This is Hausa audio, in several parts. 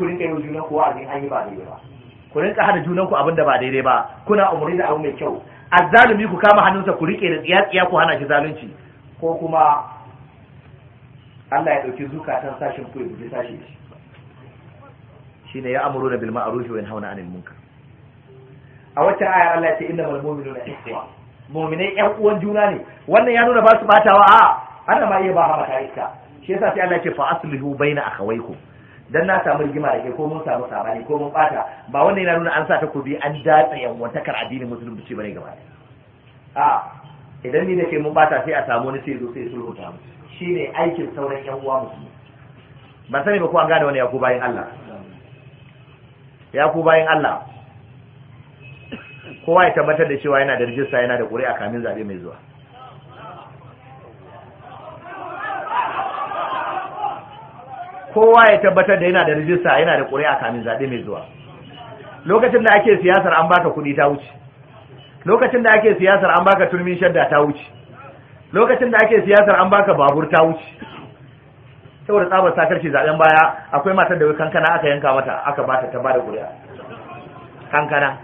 ku rinka yin junan ku wa'azin an yi ba daidai ba ku rinka hada junan ku abin da ba daidai ba kuna umarni da abu mai kyau azzalumi ku kama hannunsa ku rike da tsiya-tsiya ku hana shi zalunci ko kuma Allah ya dauki zukatan sashin ku ya buɗe sashi shine ya amuru da bil ma'ruf wa yanhauna 'anil munkar a wata aya Allah ya ce innamal mu'minuna ikhwa mu'minai ƴan uwan juna ne wannan ya nuna ba su batawa a ana ma iya ba ha mata iska shi yasa sai Allah ya ce fa aslihu baina akhawaykum dan na samu rigima da ke ko mun samu sabani ko mun bata ba wanda yana nuna an sa takobi an datsa wantakar addinin musulunci bane gaba a idan ni nake mun bata sai a samu wani sai zo sai sulhuta mu shine aikin sauran yan uwa musulmi ban sani ba ko an gane wani ku bayin Allah ku bayin Allah kowa ya tabbatar da cewa yana da rijista yana da ƙuri'a kamin zabe mai zuwa kowa ya tabbatar da yana da rijista yana da ƙuri'a kamin zaɓe mai zuwa lokacin da ake siyasar an baka kuɗi ta wuce lokacin da ake siyasar an baka turmin shadda ta wuce lokacin da ake siyasar an baka babur ta wuce saboda tsabar ce zaɓen baya akwai matar da kankana aka yanka mata aka bata ta bada ƙuri'a. kankana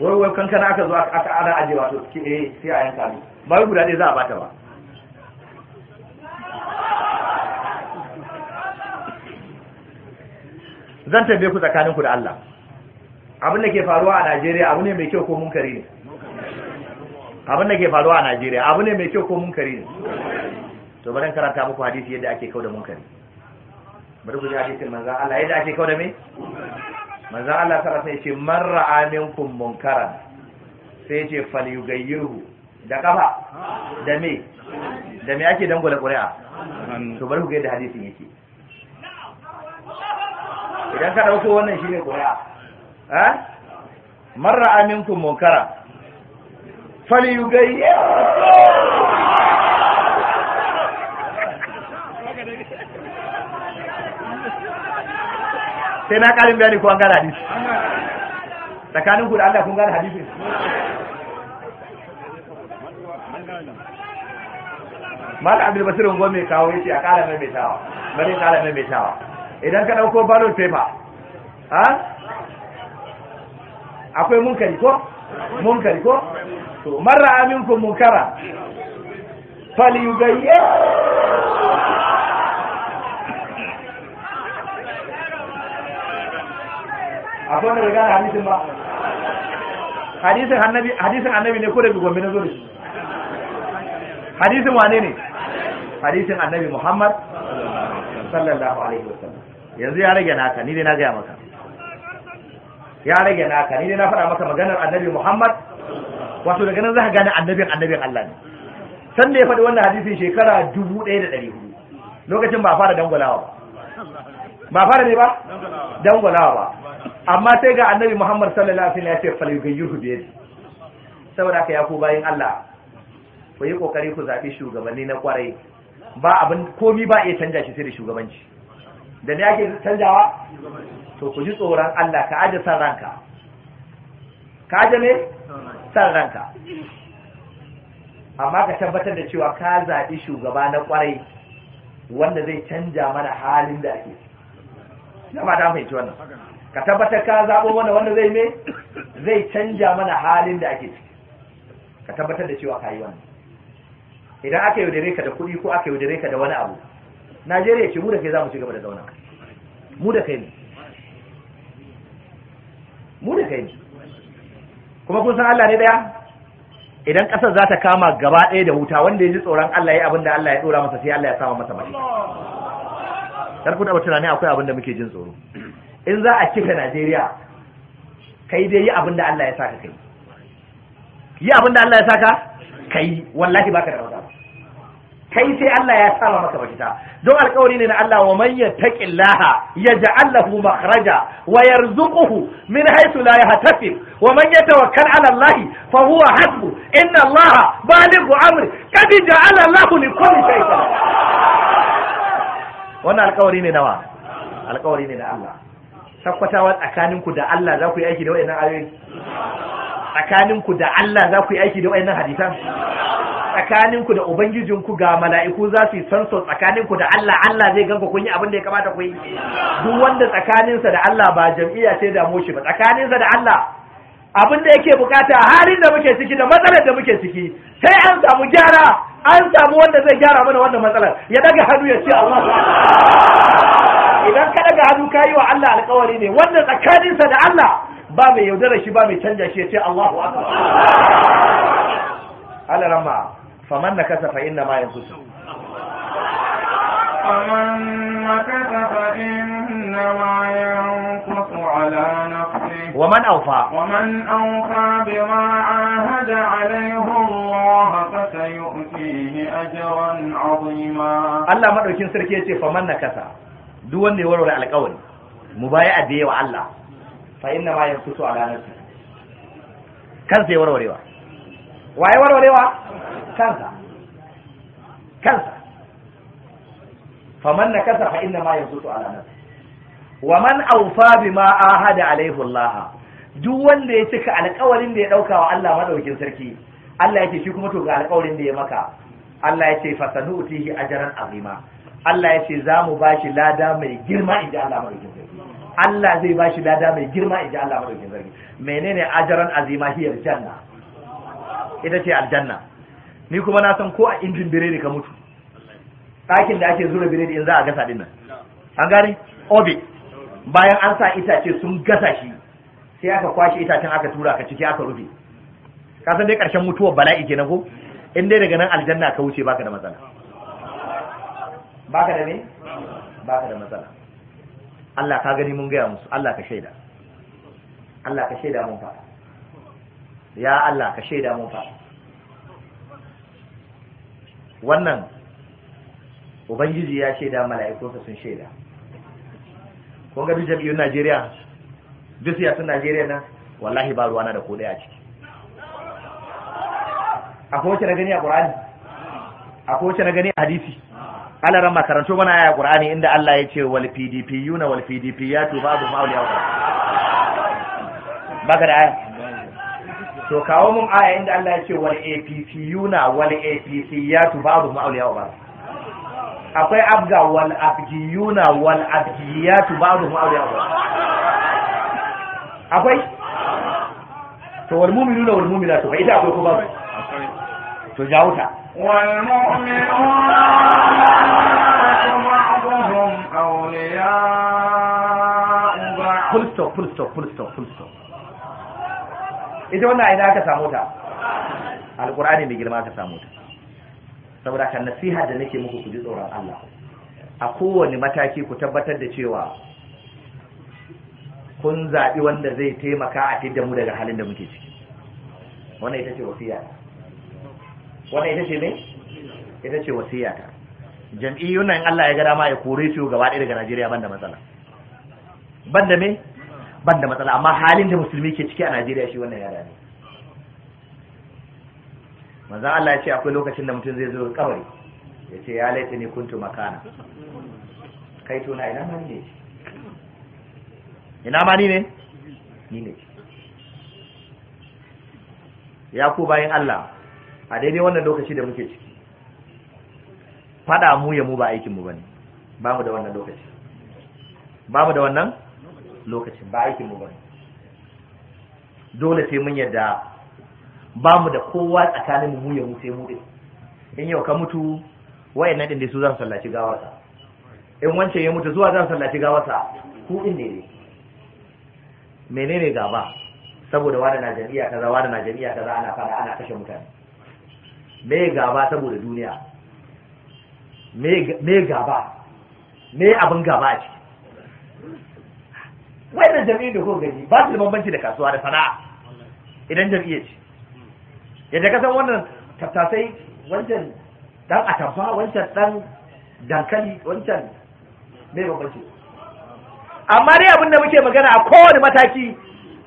wai wai kankana aka zo aka ana ajiye wato ke eh, sai a yanka ni ba wai guda ɗaya za a bata ba zan tambaye ku tsakanin ku da Allah abin da ke faruwa a Najeriya abu ne mai kyau ko munkari ne abin da ke faruwa a Najeriya abu ne mai kyau ko munkari ne to bari karanta muku hadisi yadda ake kauda munkari bari ku ji hadisin manzo Allah yadda ake kauda me manzo Allah sallallahu alaihi ya ce man ra'a minkum munkaran sai ya ce falyughayyirhu da kafa da me da me ake dangula ƙuri'a to bari ku ga yadda hadisin yake idan ka ɗauko wannan shi ne ƙuri'a marra aminkun munkara fali yugayi sai na ƙarin bayani ko an gane hadisi tsakanin ku da Allah kun gane hadisi Mala Abdul Basir Ngome kawo yace a ƙara maimaitawa bari ƙara maimaitawa idan ka ɗauko ballot paper ha akwai munkari ko munkari ko to marra aminkum munkara falyugayya akwai da riga da hadisin ba hadisin annabi hadisin annabi ne ko da gombe na zuri hadisin wane ne hadisin annabi muhammad sallallahu alaihi wasallam yanzu ya rage naka ni dai na gaya maka ya rage naka ni dai na faɗa maka maganar annabi Muhammad wato daga nan za ka gane annabin annabin Allah ne san da ya faɗi wannan hadisin shekara dubu ɗaya da ɗari hudu lokacin ba fara dangwalawa ba fara ne ba dangwalawa ba amma sai ga annabi Muhammad sallallahu alaihi wasallam ya ce falyughayyirhu bi yadi saboda haka ya ku bayin Allah ku yi kokari ku zaɓi shugabanni na kwarai ba abin komi ba iya canja shi sai da shugabanci da me ake canjawa to ku ji tsoron Allah ka aje san ranka ka aje me san ranka amma ka tabbatar da cewa ka zaɓi shugaba na ƙwarai wanda zai canja mana halin da ake na da ta fahimci wannan ka tabbatar ka zaɓo mana wanda zai me zai canja mana halin da ake ka tabbatar da cewa ka yi wannan idan aka yaudare ka da kuɗi ko aka yaudare ka da wani abu najeriya ce mu da kai za mu ci gaba da zauna mu da kai ne mu da kai ne kuma kun san Allah ne daya idan kasar za ta kama gaba ɗaya da wuta wanda ya ji tsoron Allah ya abin da Allah ya ɗora masa sai Allah ya sama masa mace kar ku taɓa tunanin akwai abin da muke jin tsoro in za a cika Najeriya kai dai yi abin da Allah ya saka kai yi abin da Allah ya saka kai wallahi baka da wata kai sai Allah ya sama maka mafita don alkawari ne na Allah wa man yattaqillaha yaj'al lahu makhraja wa yarzuquhu min haythu la yahtasib wa man yatawakkal 'ala Allah fa huwa hasbu inna Allaha balighu amri qad ja'ala Allahu li kulli shay'in wannan alkawari ne nawa alkawari ne na Allah tabbatawa tsakaninku da Allah za ku yi aiki da wayannan ayoyi tsakaninku da Allah za ku yi aiki da wayannan hadisan tsakaninku da ubangijinku ga mala'iku za su yi sanso tsakaninku da Allah Allah zai ganku kun yi abin da ya kamata ku yi duk wanda tsakaninsa da Allah ba jam'iyya sai da moshi ba tsakaninsa da Allah abin da yake bukata halin da muke ciki da matsalar da muke ciki sai an samu gyara an samu wanda zai gyara mana wannan matsalar ya daga hannu ya ce Allah idan ka daga hannu ka yi wa Allah alkawari ne wannan tsakaninsa da Allah ba mai yaudara shi ba mai canja shi ya ce Allah wa akwai alaran ba na kasa fa'in na mayan kusur faman na kasa fa'in na mayan kusur ala nafi waman aufa waman aufa bi ma'aha da alaihun roha kasa yi otihi ajiyar azima Allah maɗaukin sarki ya ce faman na kasa duk warware alkawari mu baya a biye wa Allah fa inna kusu a ranar nafsi kansa ya warwarewa waye warwarewa kansa kansa faman nakasa fa inna ma yankutu a ranar. wa man ma bima ahada alaihi Allah duk wanda ya cika alƙawarin da ya dauka wa Allah madaukin sarki Allah yake shi kuma to ga alƙawarin da ya maka Allah ya ce fasanu utihi ajran azima Allah ya ce za mu bashi lada mai girma idan Allah madaukin sarki Allah zai ba shi lada mai girma in ji Allah madaukin sarki menene ajaran azima hiyar janna ita ce aljanna ni kuma na san ko a injin biredi ka mutu ɗakin da ake zura biredi in za a gasa dinnan an gane obi bayan an sa itace sun gasa shi sai aka kwashe itacen aka tura ka ciki aka rufe ka san dai karshen mutuwar bala'i kenan ko in dai daga nan aljanna ka wuce baka da matsala baka da ne baka da matsala Allah ka gani mun gaya musu Allah ka shaida Allah ka shaida mun fa ya Allah ka shaida mun fa wannan ubangiji ya shaida mala'ikunsa sun shaida kun ga duk jam'iyyun Najeriya duk siyasun Najeriya na wallahi ba ruwana da kodai a ciki akwai wacce na gani a Qur'ani akwai wacce na gani a hadisi ala ran makarantu mana aya qur'ani inda Allah ya ce wal pdpiyuna wal tu babu ya baka da aya to kawo mun aya inda Allah ya ce wal apcuna wal tu babu ma'auliya ba akwai abga wal yuna wal tu babu ma'auliya ba akwai to wal mu'minuna wal mu'minatu ita akwai ko babu to jawo ta full stop full stop full stop full stop ita wannan aina aka samu ta alkur'ani mai girma aka samu ta saboda kan nasiha da nake muku ku ji tsoron Allah a kowane mataki ku tabbatar da cewa kun zaɓi wanda zai taimaka a fidda mu daga halin da muke ciki wannan ita ce wasiya wannan ita ce ne ita ce wasiya ta jam'iyyun nan Allah ya ga dama ya kore su gaba ɗaya daga Najeriya banda matsala banda me banda matsala amma halin da musulmi ke ciki a Najeriya shi wannan yara ne manzon Allah ya ce akwai lokacin da mutum zai zo kabari ya ce ya laita ni kuntu makana kai to na ina ma ne ina ma ni ne ni ne ya ku bayin Allah a daidai wannan lokaci da muke ciki fada mu ya mu ba aikin mu bane ba mu da wannan lokaci ba mu da wannan lokaci ba aikin mu bane dole sai mun yadda ba mu da kowa tsakanin mu ya mu sai mu in yau ka mutu na din da su zan sallaci gawarsa in wancan ya mutu zuwa zan sallaci gawarsa ku din ne ne menene gaba saboda wani na jami'a kaza wani na jami'a kaza ana fara ana kashe mutane me gaba saboda duniya me gaba me abin gaba ce wai da jami'in da kuka gani ba su da bambanci da kasuwa da sana'a idan jami'in ce yadda kasan wannan tattasai wancan dan atamfa wancan dan dankali wancan me bambanci amma dai abin da muke magana a kowane mataki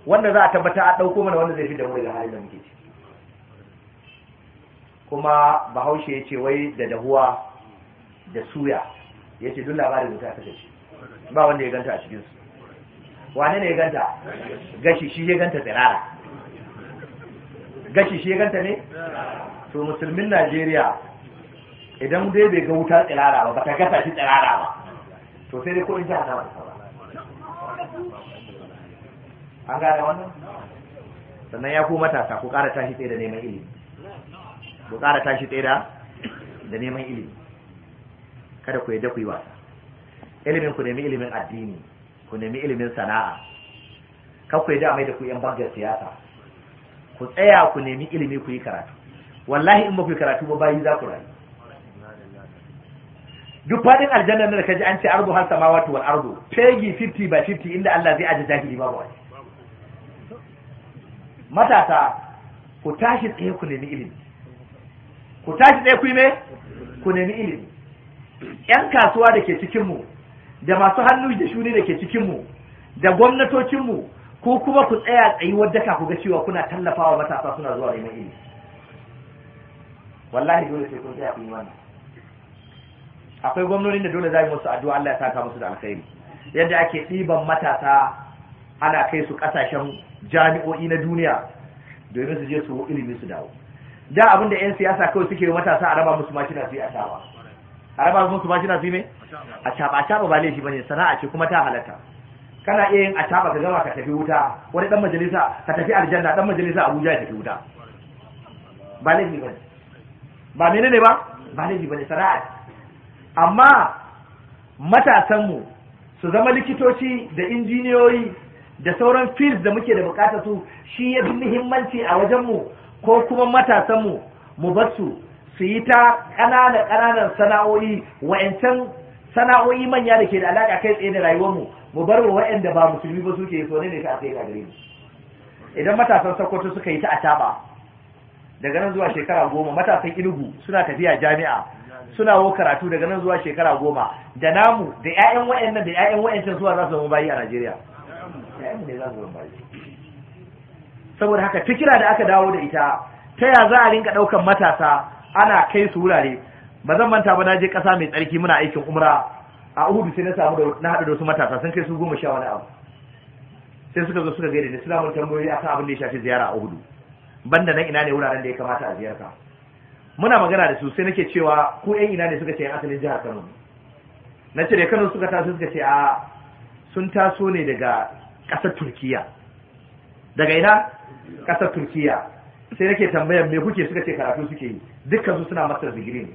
wanda za a tabbata a ɗauko mana wanda zai fi da wani da halin da muke ci kuma bahaushe ya ce wai da dahuwa da suya ya ce duk labarin da ta kasance ba wanda ya ganta a cikinsu wane ne ya ganta gashi shi ya ganta tsirara gashi shi ya ganta ne to musulmin najeriya idan dai bai ga wuta tsirara ba ba ta gasa shi tsirara ba to sai dai ko in ji a ba an gane wannan sannan ya ku matasa ku ƙara tashi tsaye da neman ilimi to ƙara tashi tsaye da neman ilimi kada ku yadda ku yi wasa ilimin ku nemi ilimin addini ku nemi ilimin sana'a kar ku yadda mai da ku yan bangar siyasa ku tsaya ku nemi ilimi ku yi karatu wallahi in ba ku yi karatu ba bayi za ku rayu duk fadin aljanna da kaji an ce ardu har samawati wal ardu pegi 50 by 50 inda Allah zai aje jahili babu wani matasa ku tashi tsaye ku nemi ilimi ku tashi ɗaya ku yi me ku nemi ilimi yan kasuwa da ke cikinmu, da masu hannu da shuni da ke cikinmu, da gwamnatocinmu, ko kuma ku tsaya tsayi wadda ka ku ga cewa kuna tallafawa matasa suna zuwa neman ilimi wallahi dole sai kun tsaya ku yi wannan akwai gwamnonin da dole za mu musu addu'a Allah ya saka musu da alkhairi yadda ake ɗiban matasa ana kai su ƙasashen jami'o'i na duniya domin su je su ilimi su dawo da abin da yan siyasa kawai suke yi matasa a raba musu mashina su yi a shawa a raba musu mashina su yi mai a caba a caba ba laifi bane sana'a ce kuma ta halatta kana iya yin a caba ka gama ka tafi wuta wani dan majalisa ka tafi aljanna dan majalisa abuja ya tafi wuta ba laifi bane ba menene ba ba laifi bane sana'a amma matasanmu su zama likitoci da injiniyoyi da sauran fields da muke da bukatar su shi ya fi muhimmanci a wajenmu ko kuma matasanmu mu bar su su yi ta ƙananan ƙananan sana'o'i wa'ancan sana'o'i manya da ke da alaƙa kai tsaye da rayuwarmu mu bar wa wa'anda ba musulmi ba suke so ne ne ta a kai gare mu idan matasan sokoto suka yi ta ataba daga nan zuwa shekara goma matasan inugu suna tafiya jami'a suna wo karatu daga nan zuwa shekara goma da namu da 'ya'yan wa'annan da 'ya'yan wa'ancan zuwa za su zama bayi a najeriya 'ya'yanmu ne za su zama bayi saboda haka fikira da aka dawo da ita ta ya za a rinka ɗaukan matasa ana kai su wurare ba zan manta ba na je ƙasa mai tsarki muna aikin umra a uhudu sai na samu da na haɗu da wasu matasa sun kai su goma sha wani abu sai suka zo suka gaida ni suna mun tambayoyi akan abin da ya shafi ziyara a uhudu banda nan ina ne wuraren da ya kamata a ziyarta muna magana da su sai nake cewa ko yan ina ne suka ce yan asalin jihar Kano na ce da Kano suka taso suka ce a sun taso ne daga ƙasar Turkiya daga ina ƙasar turkiya sai nake tambayar me kuke suka ce karatu suke yi dukkan su suna master degree ne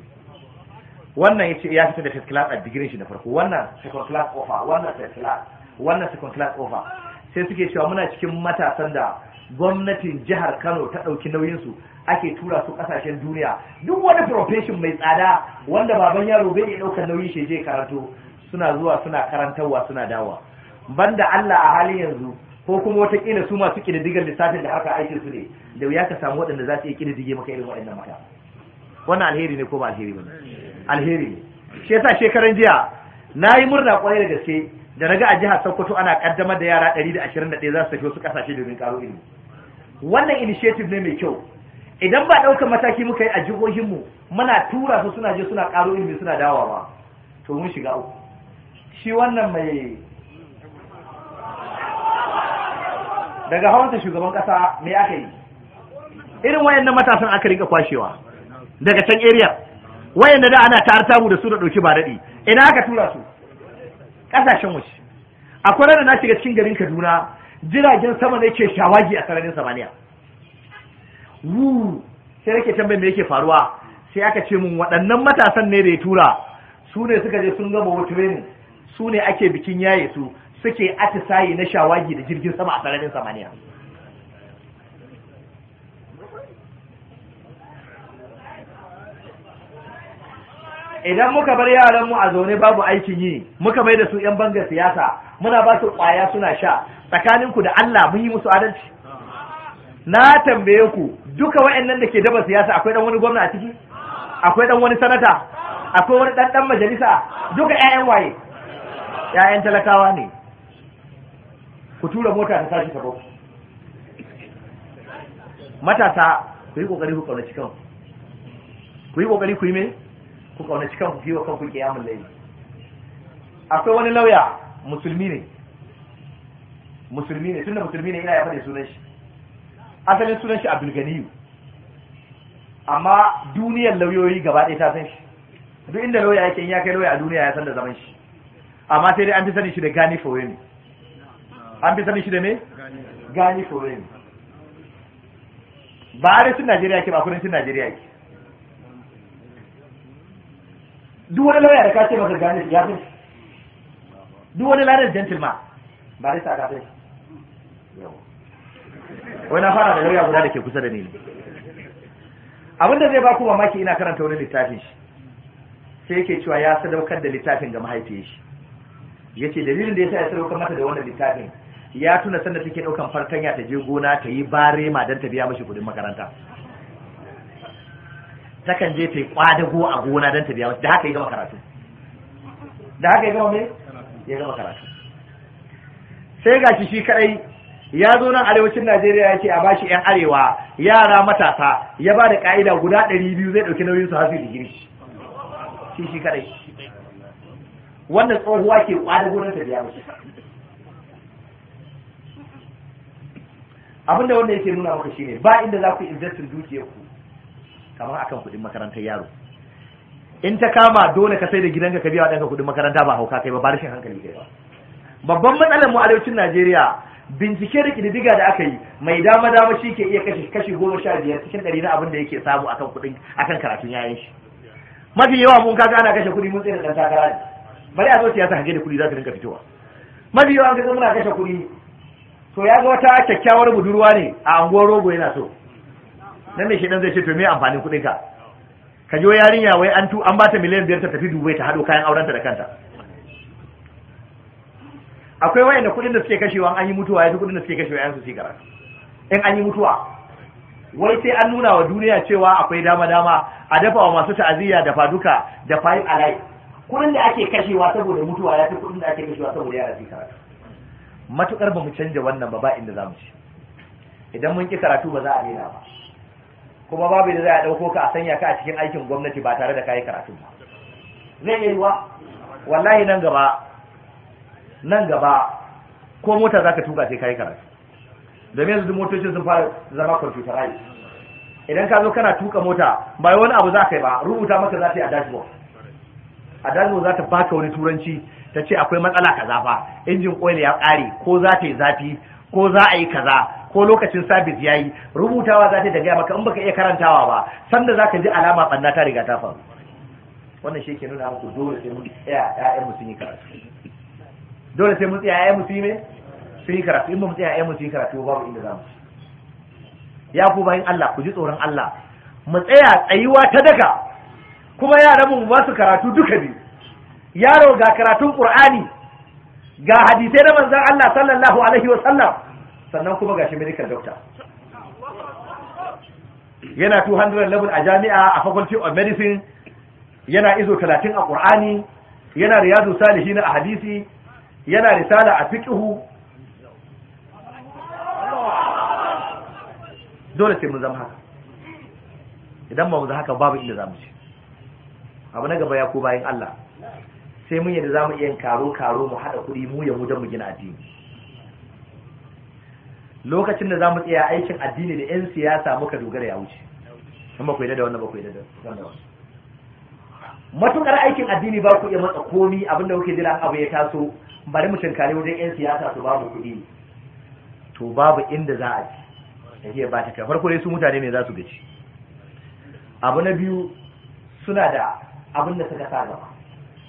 wannan yace ya fita da first class a degree shi na farko wannan second class offer wannan third class wannan second class offer sai suke cewa muna cikin matasan da gwamnatin jihar Kano ta ɗauki nauyinsu ake tura su kasashen duniya duk wani profession mai tsada wanda baban yaro bai iya ɗaukar nauyin shi je karatu, suna zuwa suna karantarwa suna dawa banda Allah a halin yanzu ko kuma wataƙila su masu ƙididdigar lissafin da haka aikin su ne da ya ka samu waɗanda za su iya ƙididdige maka irin waɗannan mata wannan alheri ne ko ba alheri ba alheri ne shi yasa shekaran jiya na yi murna kwarai da gaske da naga a jihar Sokoto ana kaddamar da yara ɗari 121 za su tafi wasu kasashe domin karo ilimi wannan initiative ne mai kyau idan ba ɗaukar mataki muka yi a jihohin mu muna tura su suna je suna karo ilimi suna dawowa to mun shiga uku shi wannan mai daga hawanta shugaban kasa me aka yi irin wayannan matasan aka rika kwashewa daga can area wayanda da ana tar tamu da su da dauki ba dadi ina aka tura su kasashen waje akwai ranar na shiga cikin garin Kaduna jiragen sama ne ke shawagi a sararin samaniya wu sai nake tambayin me yake faruwa sai aka ce mun waɗannan matasan ne da ya tura su ne suka je sun gama wuce su ne ake bikin yaye su suke atisaye na shawagi da jirgin sama a sararin samaniya idan muka bar yaranmu a zaune babu aikin yi muka mai da su 'yan bangar siyasa muna ba su kwaya suna sha tsakaninku da Allah mun yi musu adalci na tambaye ku duka wa'annan da ke daba siyasa akwai dan wani gwamna a ciki akwai dan wani sanata akwai wani dan majalisa duka 'ya'yan waye 'ya'yan talakawa ne ku tura mota ta tashi ta bau matasa ku yi kokari ku kauna kan ku yi kokari ku yi me ku kauna kan ku giwa wa kanku kiyamul layl akwai wani lauya musulmi ne musulmi ne tunda musulmi ne ina ya faɗi sunan shi asalin sunan shi Abdul Ganiyu amma duniyar lauyoyi gaba ɗaya ta san shi duk inda lauya yake in ya kai lauya a duniya ya san da zaman shi amma sai dai an fi sani shi da Gani ne an bi sanin shi da me gani foreign ba a arewacin najeriya ke ba kudancin najeriya ke duk wani lauya da ka ce maka gani ya fi duk wani larar gentleman ba rai sa ka wai na fara da lauya guda da ke kusa da ni ne abinda zai ba ku mamaki ina karanta wani littafin shi sai yake cewa ya sadaukar da littafin ga mahaifiyar shi yace dalilin da ya sa ya sadaukar mata da wannan littafin ya tuna sanda take daukan fartanya ta je gona ta yi barema don ta biya mashi kudin makaranta Ta kan je ta yi kwadago a gona don ta biya mashi da haka ya gama karatu da haka ya gama me ya gama karatu sai gashi shi kadai ya zo nan arewacin Najeriya ya ce a bashi yan arewa yara matasa ya ba da ka'ida guda ɗari biyu zai ɗauki nauyin su har su digiri shi shi kadai wannan tsohuwa ke kwadago don ta biya mashi abinda wanda yake nuna maka shine ba inda za ku investin dukiyarku ku kamar akan kuɗin makarantar yaro in ta kama dole ka sai da gidanka ka biya wa ɗanka kuɗin makaranta ba hauka kai ba ba rashin hankali kai ba babban matsalar mu arewacin Najeriya bincike da kididdiga da aka yi mai dama dama shi ke iya kashe kashi goma sha biyar cikin ɗari na abin da yake samu akan kuɗin akan karatun yayan shi mafi yawa mun kaga ana kashe kuɗi mun tsaye da ɗan takara ne bari a zo siyasa hange da kuɗi za su rinka fitowa mafi yawa an kaga muna kashe kuɗi to ya ga wata kyakkyawar budurwa ne a anguwar rogo yana so nan ne shi dan zai ce to me amfanin kuɗin ka ka jiyo yarinya wai an tu an ba ta miliyan biyar ta tafi dubai ta hado kayan ta da kanta akwai wayanda kuɗin da suke kashewa an yi mutuwa yanzu kuɗin da suke kashewa yanzu su gara in an yi mutuwa wai sai an nuna wa duniya cewa akwai dama dama a dafa wa masu ta'aziyya da faduka da fayin alai kuɗin da ake kashewa saboda mutuwa ya fi kuɗin da ake kashewa saboda yara su karatu matukar ba mu canja wannan ba ba inda za mu ci idan mun ki karatu ba za a daina ba kuma babu da za a ɗauko ka a sanya ka a cikin aikin gwamnati ba tare da kai karatu ba zai yi wa wallahi nan gaba nan gaba ko mota za ka tuka sai kai karatu domin yanzu motocin sun fara zama computerized idan ka zo kana tuka mota ba wani abu za ka yi ba rubuta maka za ta yi a dashboard a dashboard za ta baka wani turanci ta ce akwai matsala kaza fa injin oil ya ƙare ko za ta yi zafi ko za a yi kaza ko lokacin sabis ya yi rubutawa za ta daga maka in baka iya karantawa ba sanda za ka ji alama ɓanna ta riga ta faru wannan shi ke nuna muku dole sai mun tsaya ƴaƴan mu sun yi karatu dole sai mun tsaya ƴaƴan mu sun yi me sun yi karatu in ba mu tsaya ƴaƴan mu sun yi karatu babu inda za mu ya ku bayin Allah ku ji tsoron Allah mu tsaya tsayuwa ta daka kuma yaran mu ba su karatu duka biyu yaro ga karatun qur'ani ga hadisai na manzon Allah sallallahu alaihi wa sallam sannan kuma gashi medical doctor yana 200 level a jami'a a faculty of medicine yana izo 30 a qur'ani yana riyadu salihi a hadisi yana risala a fiqhu dole sai mun zama haka idan ba mu haka babu inda za mu abu na gaba ya ko bayan Allah sai mun yadda za mu iya karo karo mu haɗa kuɗi mu ya mu don mu gina addini lokacin da za mu tsaya aikin addini da 'yan siyasa muka dogara ya wuce kuma ku yadda da wannan ba ku yadda da wannan matukar aikin addini ba ku iya matsa komi abinda kuke jira abu ya taso bari mu tunkari wajen 'yan siyasa su babu kuɗi to babu inda za a ci tafiyar ba ta kai farko dai su mutane ne za su gaci abu na biyu suna da abin da suka sa gaba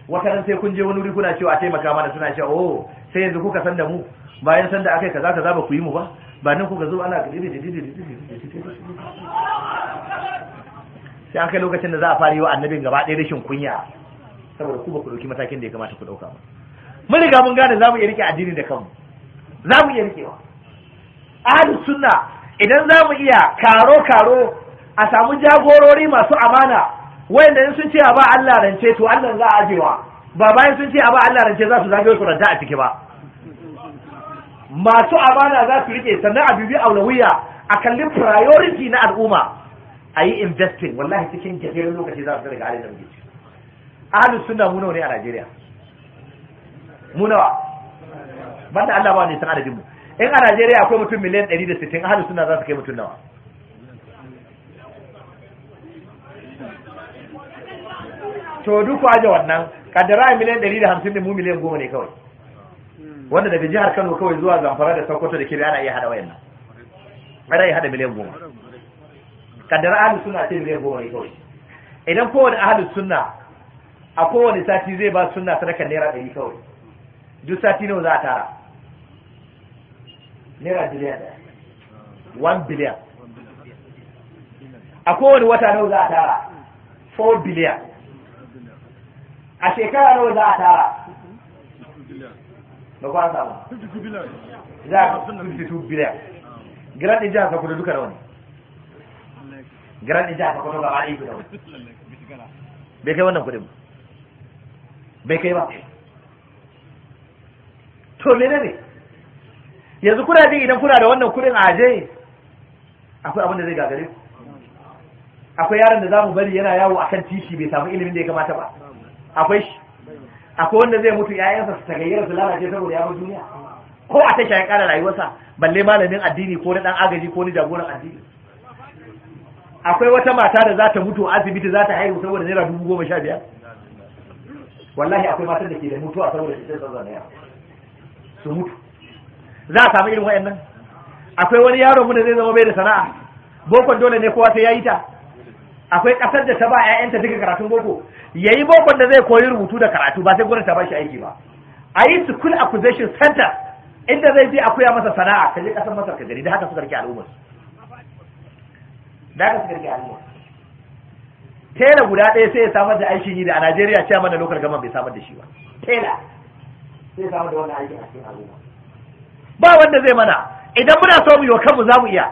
wata sai kun je wani wuri kuna cewa a taimaka mana suna cewa oh sai yanzu kuka san da mu bayan san da akai kaza kaza ba ku yi mu ba ba nan kuka zo ana sai an kai lokacin da za a fara yi wa annabin gaba ɗaya rashin kunya saboda ku ba ku ɗauki matakin da ya kamata ku ɗauka ba mun riga mun gane za mu iya rike addini da kanmu za mu iya rikewa ahli sunna idan za mu iya karo karo a samu jagorori masu amana wayan in sun ce a ba Allah rance to Allah za a ajewa ba bayan sun ce a ba Allah rance za su su ranta a ciki ba masu amana za su rike sannan a bibi aulawiya a kallin priority na al'umma a yi investing wallahi cikin gajeren lokaci za su daga halin da muke ciki ahalus suna mu nawa ne a Najeriya mu nawa banda Allah ba ne san adadinmu in a Najeriya akwai mutum miliyan 160 ahalus suna za su kai mutum nawa to duk aje wannan kaddara miliyan 150 din mu miliyan 10 ne kawai wanda daga jihar Kano kawai zuwa Zamfara da Sokoto da Kebbi ana iya hada wayannan ana iya hada miliyan 10 kaddara ahli sunna ce miliyan 10 ne kawai idan kowane ahli sunna a kowane sati zai ba sunna sadakar naira 100 kawai duk sati nawa za a tara naira biliyan 1 biliyan a kowane wata nawa za a tara 4 biliyan a shekara nawa za a tara ba kwan samu za a biliyan grand ija ta kudu duka da wani grand ija ta kudu ba ɗaya da wani bai kai wannan kudin bai kai ba to mene ne yanzu kuna ji idan kuna da wannan kudin a aje akwai abin da zai gagare ku akwai yaron da za mu bari yana yawo akan titi bai samu ilimin da ya kamata ba akwai shi akwai wanda zai mutu yayansa su tagayyar su lalace saboda ya bar duniya ko a tasha ya kara rayuwarsa balle malamin addini ko na dan agaji ko na jagoran addini akwai wata mata da za ta mutu a asibiti za ta haihu saboda naira dubu goma sha biyar wallahi akwai matan da ke da mutuwa saboda cutar zanzanaya su mutu za a samu irin wayannan akwai wani yaro mu da zai zama bai da sana'a bokon dole ne kowa sai ya yi ta akwai kasar da ta ba ƴaƴanta duka karatun boko yayi boko da zai koyi rubutu da karatu ba sai gwamnati ta ba shi aiki ba a yi school acquisition center inda zai je a koya masa sana'a ka je kasar masar ka gari da haka suka rike al'ummar da haka suka rike al'ummar tela guda ɗaya sai ya samar da aikin yi da a Najeriya cewa mana local government bai samar da shi ba tela sai ya samar da wannan aikin a cikin al'umma ba wanda zai mana idan muna so mu yi wa kanmu za mu iya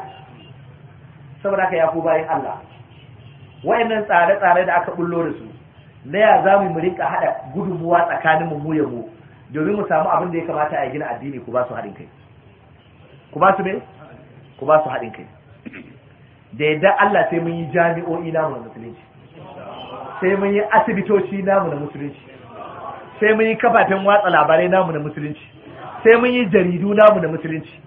saboda haka ya ku bayan Allah wayannan tsare-tsare da aka bullo da su na ya za mu rinka haɗa gudunmuwa tsakanin mu ya mu domin mu samu abin da ya kamata a gina addini ku ba su haɗin kai ku ba su ne? ku ba su haɗin kai da yadda Allah sai mun yi jami'o'i namu na musulunci sai mun yi asibitoci namu na musulunci sai mun yi kafafen watsa labarai namu na musulunci sai mun yi jaridu namu na musulunci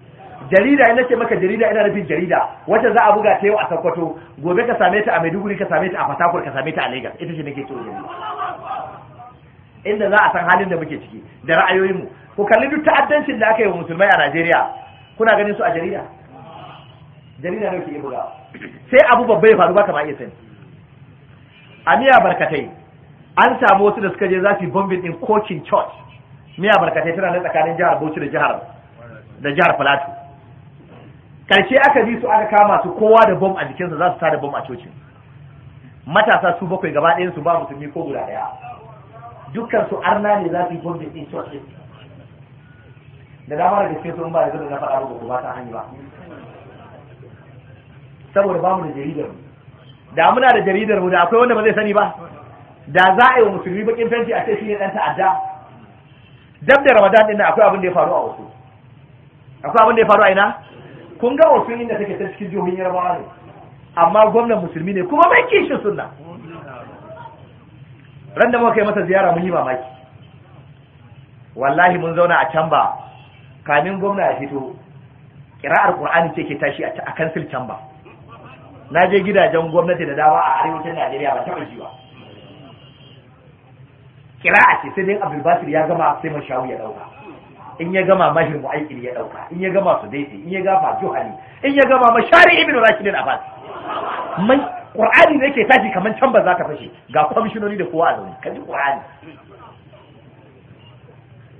jarida ina ce maka jarida ina nufin jarida wacce za a buga ta yau a Sokoto gobe ka same ta a Maiduguri ka same ta a Fatakur ka same ta a Legas ita ce nake cewa jarida inda za a san halin da muke ciki da ra'ayoyinmu ku kalli duk ta'addancin da aka yi wa musulmai a Najeriya kuna ganin su a jarida jarida ne ke buga sai abu babba ya faru ba kamar iya sani a miya barkatai an samu wasu da suka je za su yi bombing din coaching church miya barkatai tana na tsakanin jihar Bauchi da jihar da jihar Plateau karshe aka ji su aka kama su kowa da bom a jikinsa za su tada bom a cocin matasa su bakwai gaba ɗayan su ba musulmi ko guda ɗaya dukkan su arna ne za su yi bom da ɗin cocin da dama da gaske sun ba da zai na faɗa ba ba ta hanyar ba saboda ba mu da jaridar mu da muna da jaridar mu da akwai wanda ba zai sani ba da za a yi wa musulmi bakin fenti a ce shi ne ɗan ta'adda dab da ramadan ɗin akwai abin da ya faru a wasu akwai abin da ya faru a ina kun ga wasu inda take ta cikin jihohin yarbawa ne amma gwamnan musulmi ne kuma mai kishin sunna ran da muka kai masa ziyara mun yi mamaki wallahi mun zauna a can ba kamin gwamna ya fito kira'ar qur'ani ce ke tashi a kansil can ba na je gidajen gwamnati da dama a arewacin najeriya ba taɓa jiwa kira'a ce sai dai abdulbasir ya gama sai mashawu ya dauka in ya gama mahir mu'aikil ya dauka in ya gama su daidai, in ya gama juhali in ya gama mashari ibn rashidin abbas mai qur'ani ne yake tashi kaman can ba za ta fashe ga kwamishinoni da kowa a zaune ji qur'ani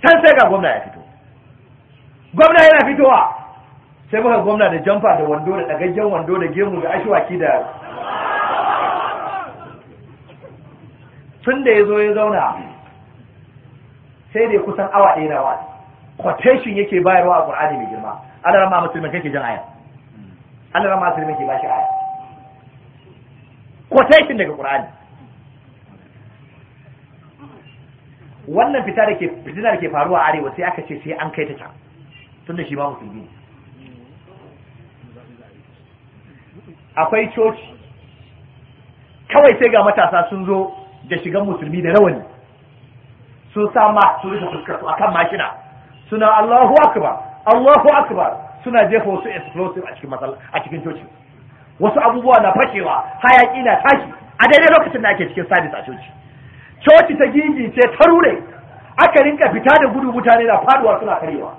can sai ga gwamna ya fito gwamna yana fitowa sai muka gwamna da jamfa da wando da dagaggen wando da gemu da ashwaki da tun da ya zo ya zauna sai dai kusan awa ɗaya na wa'azi quotation yake bayarwa a Qur'ani mai girma Allah rama musulmin kake jin aya Allah rama musulmin ke bashi aya quotation daga Qur'ani wannan fita da ke fitina da ke faruwa a arewa sai aka ce sai an kai ta can Tun da shi ba musulmi akwai coci kawai sai ga matasa sun zo da shigan musulmi da rawani sun sa ma su rufe fuskar su akan mashina suna Allahu akbar Allahu akbar suna jefa wasu explosive a cikin a cikin coci wasu abubuwa na fakewa, hayaki na tashi a daidai lokacin da ake cikin sabis a coci coci ta gingince ta rure aka rinka fita da gudu mutane na faduwa suna karewa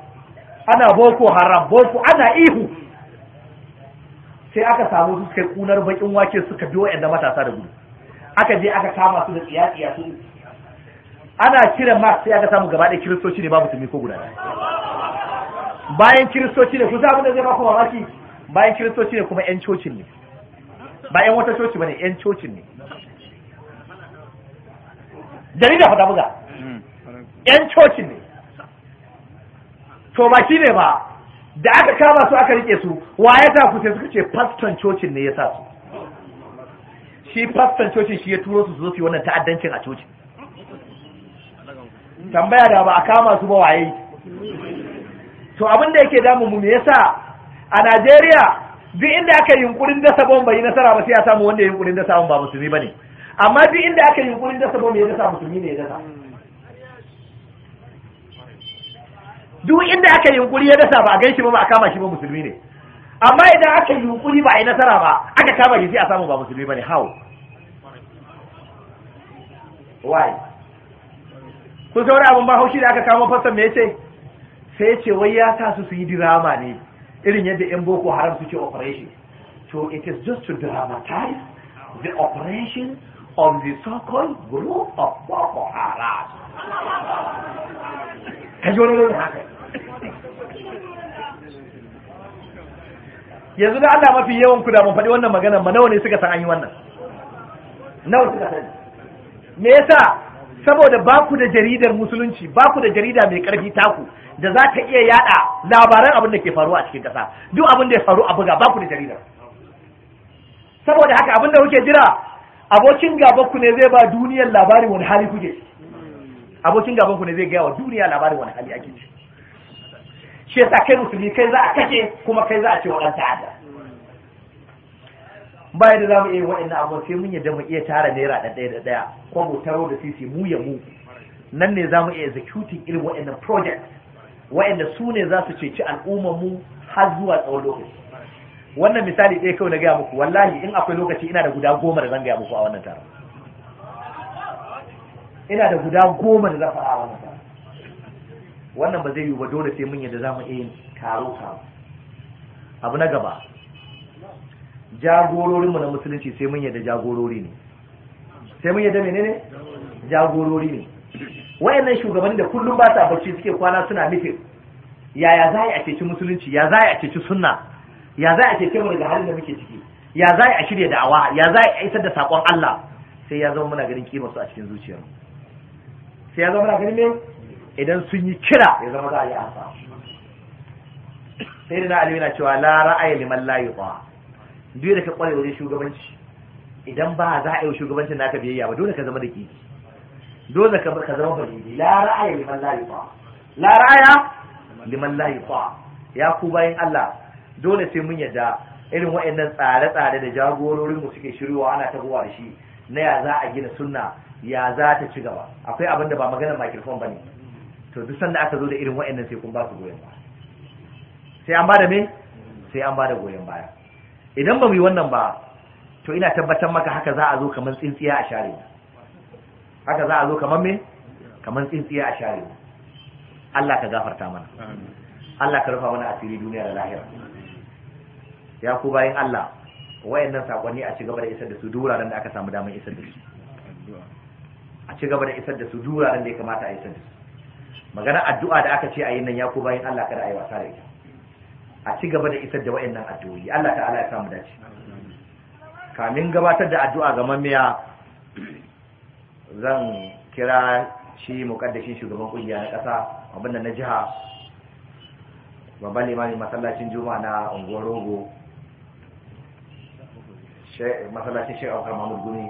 ana boko haram boko ana ihu sai aka samu su suka kunar bakin wake suka biyo yanda matasa da gudu aka je aka kama su da tsiya tsiya su ana kiran mark sai aka samu gaba ɗaya kiristoci ne ba tumi ko guda bayan kiristoci ne kusa abin da zai bako mamaki bayan kiristoci ne kuma yan cocin ne ba yan wata coci bane yan cocin ne jarida faɗa buga yan cocin ne to ba shi ne ba da aka kama su aka rike su wa ya ta kusa suka ce faston cocin ne ya sa su shi faston cocin shi ya turo su su zo su yi wannan ta'addancin a cocin tambaya da ba a kama su ba waye to abin da yake damu mu me yasa a Najeriya duk inda aka yi yunkurin dasa bom bai nasara ba sai ya samu wanda ya yunkurin dasa ba musulmi bane amma duk inda aka yi yunkurin dasa bom ya dasa musulmi ne ya dasa duk inda aka yi yunkuri ya dasa ba a gaishe ba ba a kama shi ba musulmi ne amma idan aka yi yunkuri ba a yi nasara ba aka kama shi sai a samu ba musulmi bane how why kun san abin ba haushi da aka kama fassar me ce? sai ce wai ya sa su su yi drama ne irin yadda yan boko haram suke operation so it is just to dramatize the operation of the so-called group of boko haram ji wani wani haka yanzu da Allah mafi yawan ku da faɗi wannan magana ma nawa ne suka san an yi wannan nawa suka san me yasa saboda ba ku da jaridar musulunci ba ku da jarida mai karfi taku da za ta iya yada labaran abin da ke faruwa a cikin kasa duk abin da ya faru a buga ba ku da jaridar saboda haka abin da kuke jira abokin gaban ku ne zai ba duniyar labarin wani hali kuke abokin gaban ku ne zai gaya wa duniya labarin wani hali ake ci shi yasa kai musulmi kai za a kashe kuma kai za a ce wa ɗan ta'ada ba yadda za mu iya waɗannan abubuwan sai mun yadda mu iya tara naira da ɗaya da ɗaya ko mu taro da sisi mu ya mu nan ne za mu iya executing irin waɗannan project waɗanda su ne za su ceci al'ummar mu har zuwa tsawon lokaci wannan misali ɗaya kawai na gaya muku wallahi in akwai lokaci ina da guda goma da zan gaya muku a wannan taron ina da guda goma da zan faɗa a wannan taron wannan ba zai yiwu ba dole sai mun yadda za mu iya yin taro taro abu na gaba jagororinmu na musulunci sai mun yadda jagorori ne sai mun yadda menene jagorori ne wayannan shugabanni da kullum ba sa barci suke kwana suna nufin yaya za a ceci musulunci ya za a ceci sunna ya za a ceci mu daga halin da muke ciki ya za a shirya da'awa ya za a isar da sakon Allah sai ya zama muna ganin kimar su a cikin zuciyarmu sai ya zama muna ganin me idan sun yi kira ya zama za a yi asa sai da na aliyu cewa la ra'ayi liman la yuqa duk da ka kware wajen shugabanci idan ba za a yi shugabancin naka biyayya ba dole ka zama da kiki dole ka ka zama fahimci la ra'aya liman la yuqa la ra'aya liman la yuqa ya ku bayin Allah dole sai mun yadda irin waɗannan tsare-tsare da jagororin mu suke shiryowa ana tabuwa da shi na ya za a gina sunna ya za ta ci gaba akwai abin da ba maganar microphone bane to duk sanda aka zo da irin waɗannan sai kun ba su goyon baya sai an ba da me sai an ba da goyon baya idan ba mu yi wannan ba to ina tabbatar maka haka za a zo kamar tsintsiya a share haka za a zo kamar me kamar tsintsiya a share Allah ka gafarta mana Allah ka rufa mana asiri duniya da lahira ya ku bayin Allah wayannan sakonni a cigaba da isar da su duraren da aka samu damar isar da su a cigaba da isar da su duraren da ya kamata a isar da su magana addu'a da aka ce a yin nan ya ku bayin Allah kada a yi wasa da ita a ci gaba da isar da nan addu'o'i Allah ta'ala ya samu dace kamin gabatar da addu'a ga mamiya zan kira shi mukaddashin shugaban kungiya na kasa abinda na jiha babban limamin masallacin juma'a na unguwar rogo masallacin shi auka mahmud gumi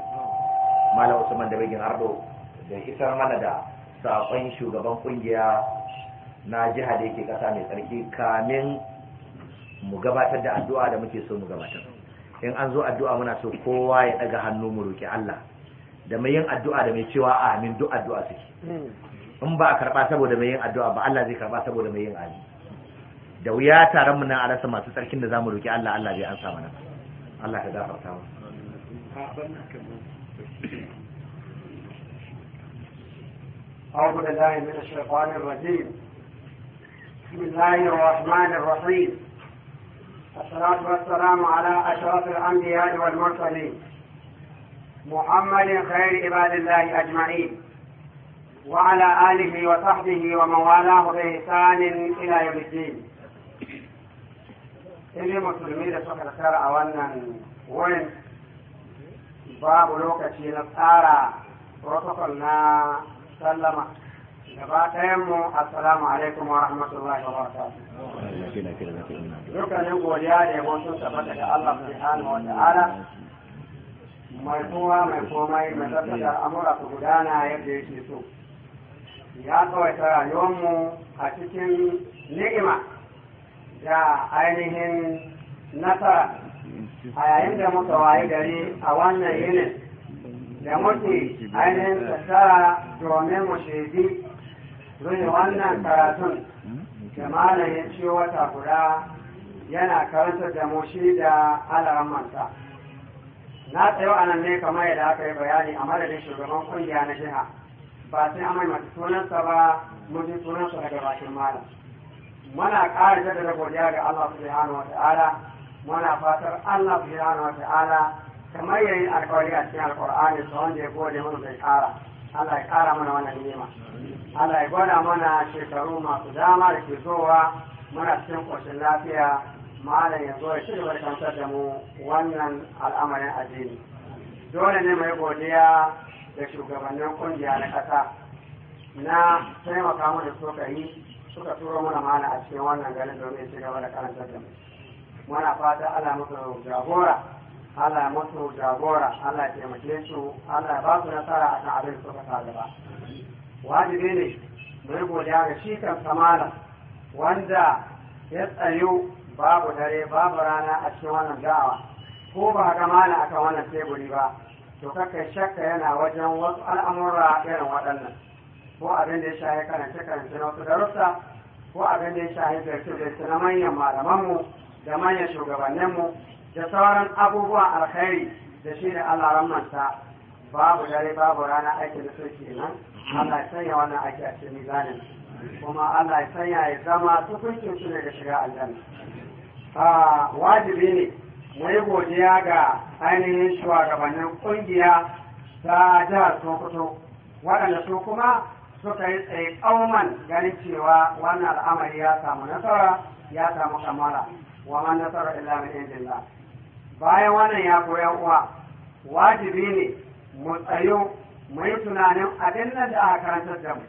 malam usman da bagin ardo da isar mana da saƙon shugaban kungiya na jiha da yake ƙasa mai tsarki kamin mu gabatar da addu'a da muke so mu gabatar in an zo addu'a muna so kowa ya daga hannu mu roki Allah da mai yin addu'a da mai cewa amin duk addu'a suke in ba a karba saboda mai yin addu'a ba Allah zai karba saboda mai yin amin da wuya taron mu nan a rasa masu tsarkin da zamu roki Allah Allah zai ansa mana Allah ka gafarta mu أعوذ بالله من الشيطان الرجيم بسم الله الرحمن الرحيم الصلاة والسلام على أشرف الأنبياء والمرسلين محمد خير عباد الله أجمعين وعلى آله وصحبه وموالاه بإحسان إلى يوم الدين إلي مسلمين لسوك نختار أولا وين باب lokaci na tsara protocol na السلام عليكم ورحمة الله وبركاته dukkanin godiya da yabo sun tabbata ga Allah subhanahu mai kowa mai komai mai tabbata amura gudana yadda yake so ya kawaita rayuwarmu a cikin ni'ima da ainihin nasara a yayin da muka waye gari a wannan yinin da muke ainihin tattara domin mu shaidi zuwa wannan karatun da ya ciyo wata guda yana karantar da mu shi da alarammansa na tsayo a nan ne kamar yadda aka yi bayani a madadin shugaban kungiya na jiha ba sai amai mata sunansa ba mutum sunansa daga bakin malam muna ƙara jaddada godiya ga Allah subhanahu wa ta'ala muna fatar Allah subhanahu wa ta'ala kamar yayin alƙawari a cikin alƙur'ani sa wanda ya gode mana zai ƙara Allah ya ƙara mana wannan ni'ima Allah ya gwada mana shekaru masu dama da ke zowa muna cikin ƙoshin lafiya malam ya zo ya ci gaba da da mu wannan al'amarin addini dole ne mai godiya da shugabannin kungiya na ƙasa na taimaka mu da suka yi suka turo mana mana a cikin wannan garin domin ci gaba da karanta da mu muna fata Allah musu jagora Allah musu jagora Allah taimake su Allah ba su nasara kan abin da suka sa ba. wajibi ne mai godiya ga shi kan samana wanda ya tsayo babu dare babu rana a cikin wannan da'awa ko ba ga mana aka wannan teburi ba to kakai shakka yana wajen wasu al'amura irin waɗannan ko abin da ya shahi karance karance na wasu darussa ko abin da ya shahi zirce zirce na manyan malamanmu da manyan shugabanninmu da sauran abubuwan alkhairi da shi da Allah ramanta babu dare babu rana aiki da suke nan Allah ya sanya wannan aiki a cikin mizanin kuma Allah ya sanya ya zama tukuncin su daga shiga aljanna a wajibi ne mu yi godiya ga ainihin shugabannin kungiya ta jihar sokoto waɗanda su kuma suka yi tsaye tsauman ganin cewa wannan al'amari ya samu nasara ya samu kamala wa man nasara illa min indillah bayan wannan ya koya uwa wajibi ne mu tsayo mu yi tunanin abin da aka karantar da mu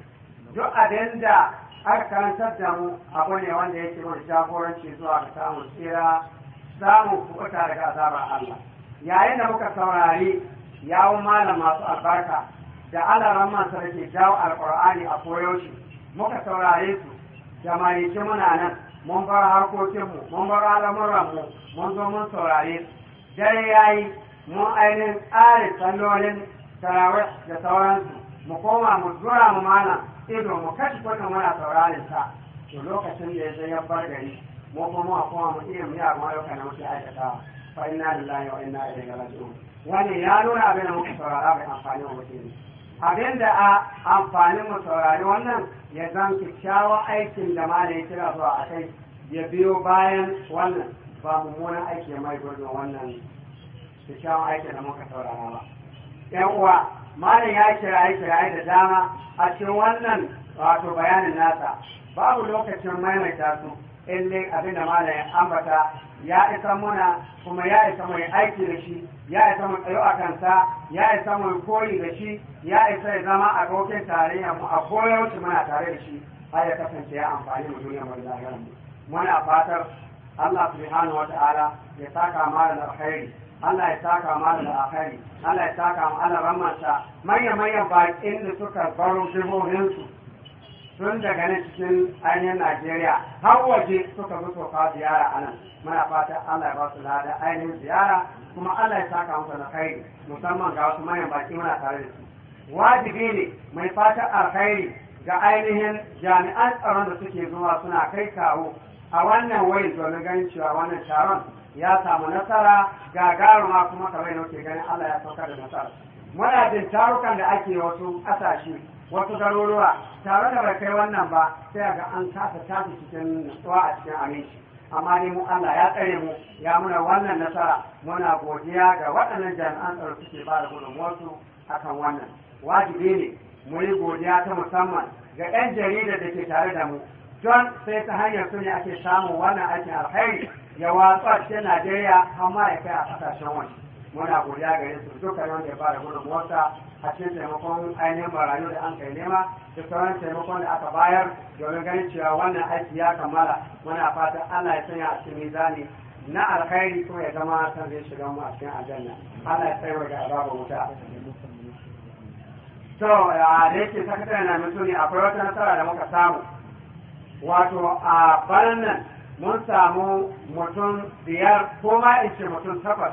duk abin da har karantar da mu ne wanda ce mana jagoranci zuwa ga samun tsira samun kuɓuta daga azabar Allah yayin da muka saurari yawon malam masu albarka da alaran da ke jawo alƙur'ani a koyaushe muka saurare su da marice muna nan mun bar harkokinmu mun bar al'amuranmu mun zo mun saurare su dare yayi mun ainihin tsarin sallolin tarawih da sauransu mu koma mu zura mu malam ido mu kashi kwata muna sauraron sa to lokacin da ya zai yabbar bar gari mu kuma mu kuma mu iya mu yaro ma yau kana muke aikata fa inna lillahi wa inna ilaihi raji'un wani ya nuna abin da muka saurara bai amfani wa mutum abin da a amfani mu saurari wannan ya zan kyakkyawan aikin da ma da ya kira zuwa a kai ya biyo bayan wannan ba mummunan aiki ya mai gurbin wannan kyakkyawan aikin da muka saurara ba yan uwa malam ya kiraye kiraye da dama a cikin wannan wato bayanin nasa babu lokacin maimaita su in dai abin da malam ya ambata ya isa muna kuma ya isa mai aiki da shi ya isa mai tsayo a kansa ya isa mai koyi da shi ya isa ya zama a abokin tarayya mu a koyaushe muna tare da shi har ya kasance ya amfani mu duniya mu muna fatar Allah subhanahu wa ta'ala ya saka malam alkhairi Allah ya saka da alkhairi. Allah ya saka ma Allah ramata manya manyan bakin da suka baro jihohin su tun daga nan cikin ainihin Najeriya har waje suka zo fa ziyara a nan muna fata Allah ya ba su lada ainihin ziyara kuma Allah ya saka musu alkhairi musamman ga wasu manyan baki muna tare da su wajibi ne mai fatan alkhairi ga ainihin jami'an tsaron da suke zuwa suna kai kawo a wannan wayin domin ganin cewa wannan taron ya samu nasara gagaruma kuma kamar yadda ganin Allah ya saukar da nasara muna jin tarukan da ake wasu kasashe wasu garuruwa tare da bai kai wannan ba sai ga an kasa tafi cikin nutsuwa a cikin aminci amma ne mu Allah ya tsare mu ya muna wannan nasara muna godiya ga waɗannan jami'an tsaro suke ba da gudunmuwarsu akan wannan wajibi ne mu yi godiya ta musamman ga 'yan jaridar da ke tare da mu don sai ta hanyar su ne ake samun wannan aikin alkhairi ya watsa shi Najeriya har ma ya kai a kasashen wani muna godiya gare su yawan wanda ya fara gudun mota a cikin taimakon ainihin barayu da an kai nema da sauran taimakon da aka bayar domin ganin cewa wannan aiki ya kammala muna fata Allah ya sanya a cikin mizani na alkhairi ko ya zama san zai shiga mu a cikin aljanna Allah ya tsaya ga azabar wuta to da yake sakatare na mutum ne akwai wata nasara da muka samu wato a banan mun samu mutum biyar ko ma in ce mutum takwas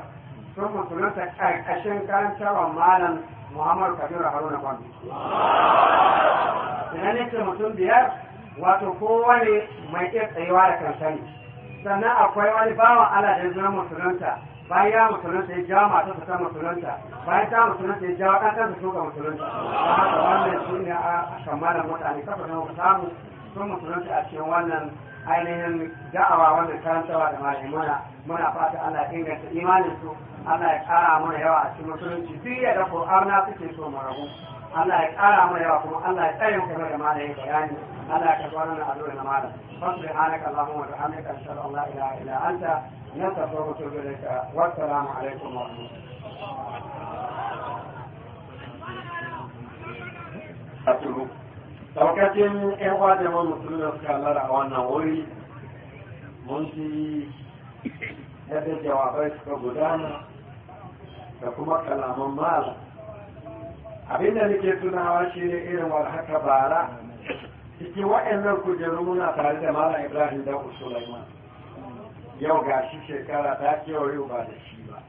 sun musulunta ƙarƙashin karantarwar malam muhammadu kabiru haruna kwambi sannan ne ce mutum biyar wato kowane mai iya tsayuwa da kansani sannan akwai wani bawan ala da ya zo musulunta bayan ya musulunta ya jawo masu ta musulunta bayan ta musulunta ya jawo ɗan su shuka musulunta ba haka wannan shi ne a kammalan mutane kafa da samu sun musulunta a cikin wannan ainihin da'awa wanda karantarwa da malamana muna fata Allah ya inganta imanin su Allah ya kara mana yawa a cikin musulunci duk yadda ko arna suke so mu rabu Allah ya kara mana yawa kuma Allah ya tsare mu kamar da malamin bayani Allah ya karɓa mana addu'a na malam subhanaka allahumma wa bihamdika ashhadu an la ilaha illa anta nastaghfiruka wa atubu ilayka wa assalamu alaikum wa rahmatullahi wa barakatuh daukacin yan wajen wani musulmi na suka lara a wannan wuri mun shi yadda jawabai suka gudana da kuma kalaman mala abinda nake tunawa shi ne irin haka bara cikin wa'annan kujeru muna tare da mala ibrahim da usulaiman yau ga shi shekara ta yau ba da shi ba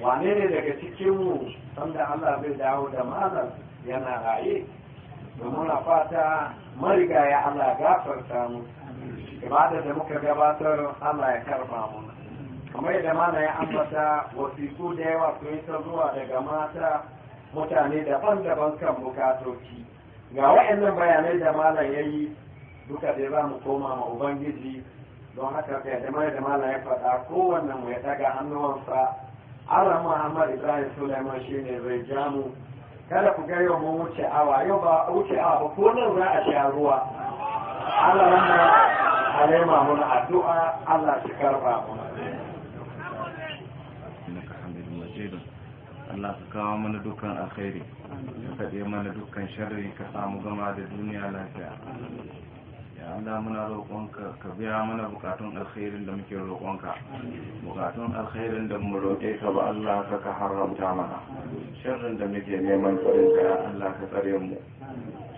wane ne daga cikinmu sanda allah bai dawo da malar yana raye da muna fata marigaya Allah gafarta mu ibada da muka gabatar Allah ya karba mu kamar yadda mana ya ambata wasiku da yawa sun ta zuwa daga mata mutane daban-daban kan bukatoci ga waɗannan bayanai da malam ya yi duka da za mu koma ma ubangiji don haka kai da da malam ya faɗa kowannen mu ya daga hannuwansa Allah Muhammad Ibrahim Sulaiman shine zai jamu kada ku gaya mu wuce awa yau ba wuce awa ba ko nan za a sha ruwa Allah wanda alema mun addu'a Allah shi karba mu Allah ka kawo mana dukkan alkhairi ka faɗe mana dukkan sharri ka samu gama da duniya lafiya ya Allah muna roƙonka ka biya mana bukatun alkhairin da muke roƙonka bukatun alkhairin da mu roƙe ka ba Allah ka ka haramta mana sharrin da muke neman tsarin ka ya Allah ka tsare mu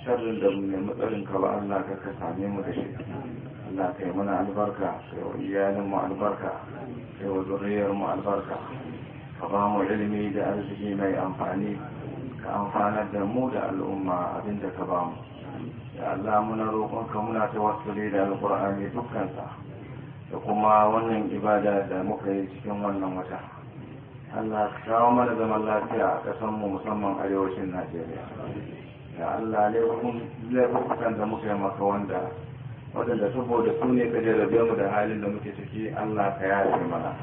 sharrin da mu nemi tsarin ka ba Allah ka ka same mu da shi Allah ka yi mana albarka ka yi wa iyalin mu albarka ka yi wa zuriyar mu albarka ka ba mu ilimi da arziki mai amfani ka amfanar da mu da al'umma abinda ka ba mu Da Allah muna roƙonka muna tawassuli da alƙur'ani dukkansa da kuma wannan ibada da muka yi cikin wannan wata Allah ka kawo mana zaman lafiya a mu musamman arewacin Najeriya da Allah laifukan da muka yi maka wanda waɗanda saboda su ne ka jarabe mu da halin da muke ciki Allah ka yafe mana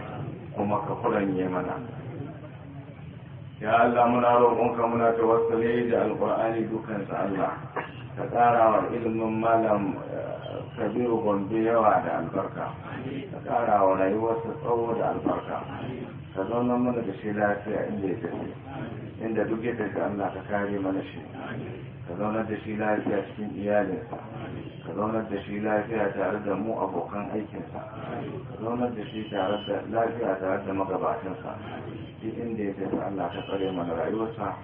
kuma ka kuranye mana ya Allah muna roƙonka muna tawassuli da alƙur'ani dukkansa Allah ka tsara wa ilimin malam eh, kabiru gombe yawa da albarka ka tsara wa rayuwarsa tsawo da albarka ka zauna mana da shi lafiya inda ya tafi inda duk yadda tafi Allah ka kare mana shi ka da shi lafiya cikin iyalinsa ka zaunar da shi lafiya tare da mu abokan aikinsa ka zaunar da shi tare da lafiya tare da magabatansa duk inda ya tafi Allah ta tsare mana rayuwarsa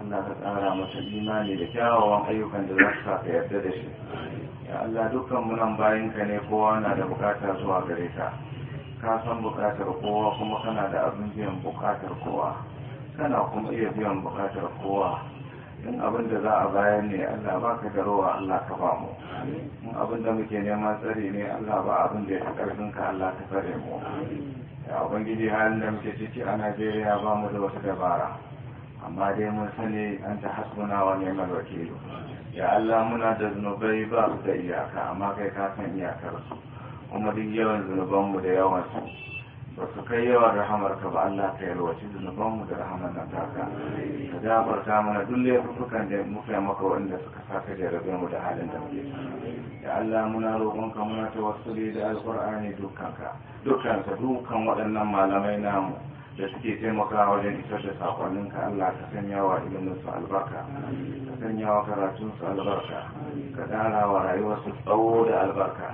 Allah ta tsara masa imani da kyawawan ayyukan da za su sa ka yarda da shi ya Allah dukkan munan ka ne kowa na da bukata zuwa gare ka ka san bukatar kowa kuma kana da abin biyan bukatar kowa kana kuma iya biyan bukatar kowa in abin da za a bayan ne Allah ba ka da wa Allah ka ba mu in abin da muke neman tsari ne Allah ba abin da ya fi karfin ka Allah ka fare mu ya ubangiji halin da muke ciki a Najeriya ba mu da wata dabara amma dai mun sani an ta hasbuna wa neman wakilu ya Allah muna da zunubai ba su da iyaka amma kai ka san iyakar su kuma duk yawan zunubanmu da yawan su ba su kai yawan rahamar ka ba Allah ka yalwaci mu da rahamar na ta ka gafarta mana duk laifukan da muka maka wanda suka saka jarabe mu da halin da muke Ya Allah muna roƙonka muna tawassuli da alƙur'ani dukkanka dukkanka dukkan waɗannan malamai namu da suke taimakawa wajen isar da ka. Allah ka sanya wa su albarka ka sanya wa su albarka ka dara wa rayuwarsu tsawo da albarka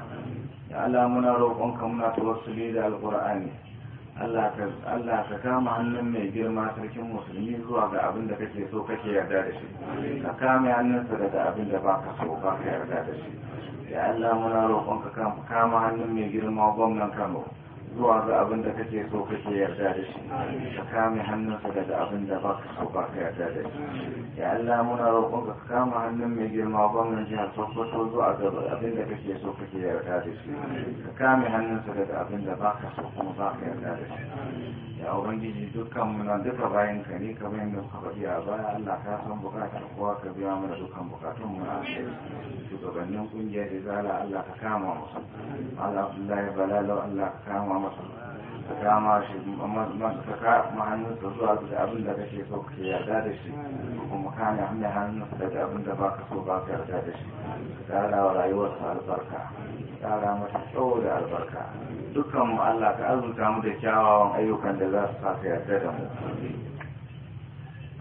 Ya Allah muna roƙonka muna tawassuli da alƙur'ani Allah ka kama hannun mai girma sarkin musulmi zuwa ga abin da kake so kake yarda da shi ka kame hannunsa daga abin da baka so baka yarda da shi ya Allah muna roƙon ka kama hannun mai girma gwamnan Kano zuwa ga abin da kake so kake yarda da shi ka kame hannunsa daga abin da baka so baka yarda da shi ya Allah muna roƙon ka kama hannun mai girma gwamnan jihar Sokoto zuwa ga abin da kake so kake yarda da shi ka kame hannunsa daga abin da baka so kuma baka yarda da shi ya ubangiji dukkan muna duka bayan ka ne kamar yadda kuka faɗi a baya Allah ka san bukatar kowa ka biya mana dukkan bukatun mu na alheri shugabannin kungiyar da zala Allah ka kama musu Allah Abdullahi Balalo Allah ka kama musu ka kama shi ka kama hannunsa zuwa da abin da kake so ka yarda da shi kuma ne hannun hannunsa daga abin da baka so ba ka yarda da shi ka tsara wa rayuwarsa albarka tsara masa tsawo da albarka dukkan mu Allah ka azurta mu da kyawawan ayyukan da za su sa ka yarda da mu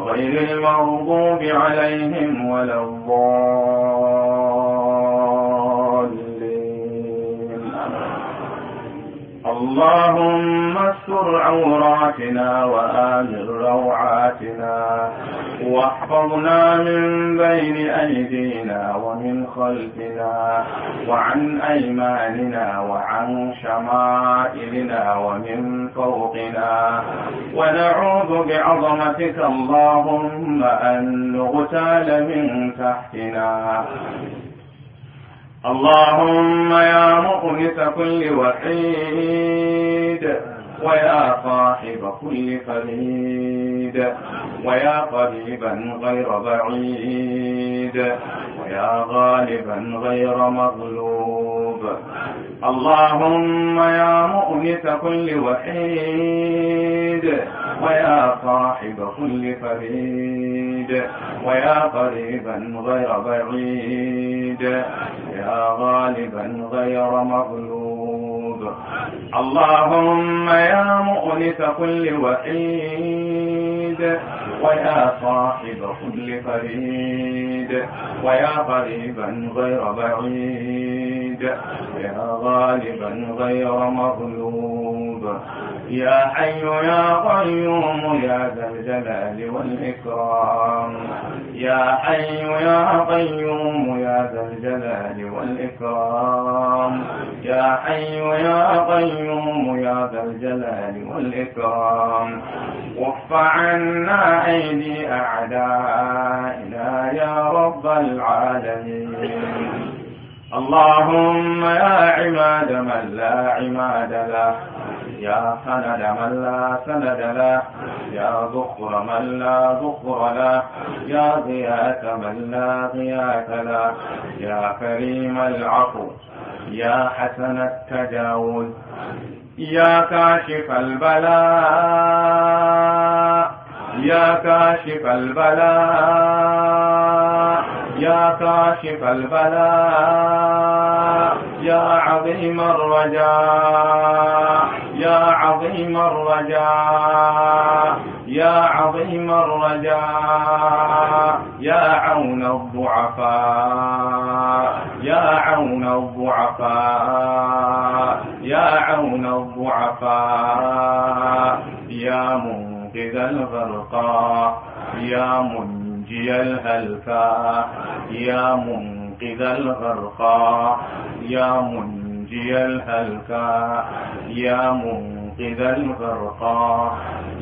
غير المغضوب عليهم ولا الضالين اللهم استر عوراتنا وآمن روعاتنا واحفظنا من بين أيدينا ومن خلفنا وعن أيماننا وعن شمائلنا ومن فوقنا ونعوذ بعظمتك اللهم أن نغتال من تحتنا اللهم يا مؤنس كل وحيد ويا صاحب كل فريد ويا قريبا غير بعيد ويا غالبا غير مغلوب اللهم يا مؤنس كل وحيد ويا صاحب كل فريد ويا قريبا غير بعيد يا غالبا غير مغلوب اللهم يا مؤنس كل وحيد ويا صاحب كل فريد ويا قريبا غير بعيد يا غالبا غير مغلوب يا حي يا قيوم يا ذا الجلال والإكرام يا حي يا قيوم يا ذا الجلال والإكرام يا حي يا قيوم يا ذا الجلال والإكرام وف عنا أيدي أعدائنا يا رب العالمين اللهم يا عماد من لا عماد له يا سند من لا سند له يا ذخر من لا ذخر له يا غياث من لا غياث له يا كريم العفو يا حسن التجاوز يا كاشف البلاء يا كاشف البلاء يا كاشف البلاء يا عظيم الرجاء يا عظيم الرجاء يا عظيم الرجاء يا عون الضعفاء يا عون الضعفاء يا عون الضعفاء يا مو منقذ الغرقى يا منجي الهلكى يا منقذ الغرقى يا منجي الهلكى يا منقذ الغرقى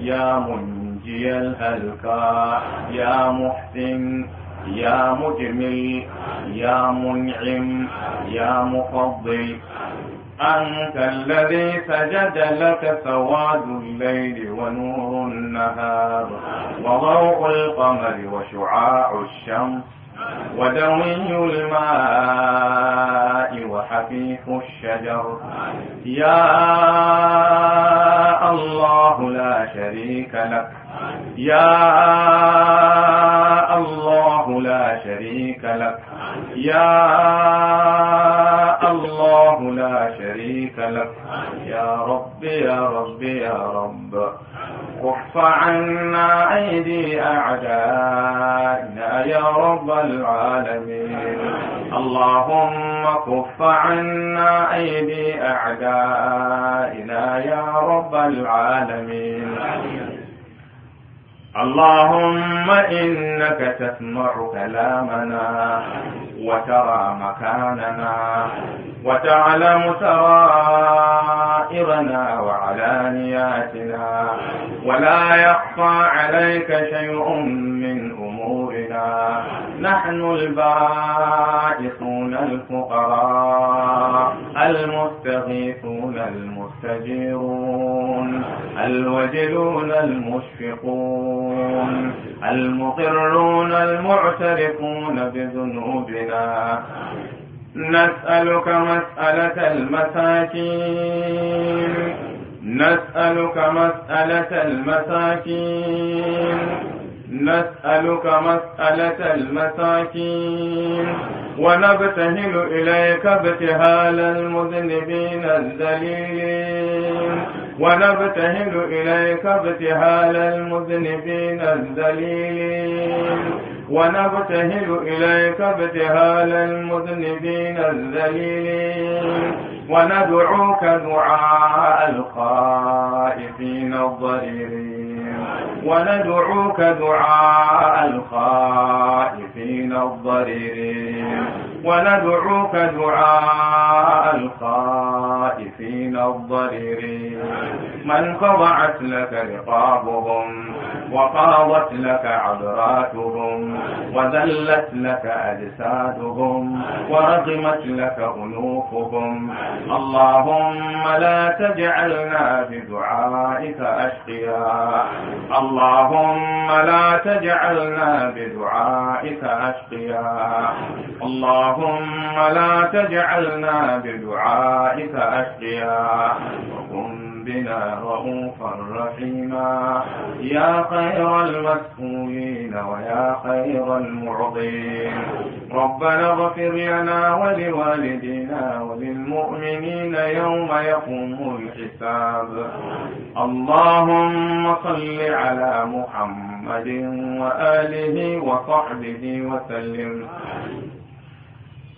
يا منجي الهلكى يا محسن يا مجمل يا منعم يا مفضل أنت الذي سجد لك سواد الليل ونور النهار وضوء القمر وشعاع الشمس ودوي الماء وحفيف الشجر يا الله لا شريك لك يا الله لا شريك لك يا الله لا شريك لك يا رب يا رب يا رب كف عنا أيدي أعدائنا يا رب العالمين اللهم كف عنا أيدي أعدائنا يا رب العالمين اللهم إنك تسمع كلامنا وترى مكاننا وتعلم سرائرنا وعلانياتنا ولا يخفى عليك شيء من أمورنا ظهورنا نحن البائسون الفقراء المستغيثون المستجيرون الوجلون المشفقون المقرون المعترفون بذنوبنا نسألك مسألة المساكين نسألك مسألة المساكين نسألك مسألة المساكين ونبتهل إليك ابتهال المذنبين الذليلين ونبتهل إليك ابتهال المذنبين الذليلين ونبتهل إليك ابتهال المذنبين الذليلين وندعوك دعاء الخائفين الضريرين وندعوك دعاء الخائفين الضريرين وندعوك دعاء الخائفين الضريرين من خضعت لك رقابهم وقاضت لك عذراتهم وذلت لك أجسادهم ورغمت لك أنوفهم اللهم لا تجعلنا في دعائك أشقيا اللهم لا تجعلنا بدعائك أشقيا اللهم لا تجعلنا بدعائك أشقيا وكن بنا رؤوفا رحيما يا خير المسؤولين ويا خير المعطين ربنا اغفر لنا ولوالدينا وللمؤمنين يوم يقوم الحساب اللهم صل على محمد وآله وصحبه وسلم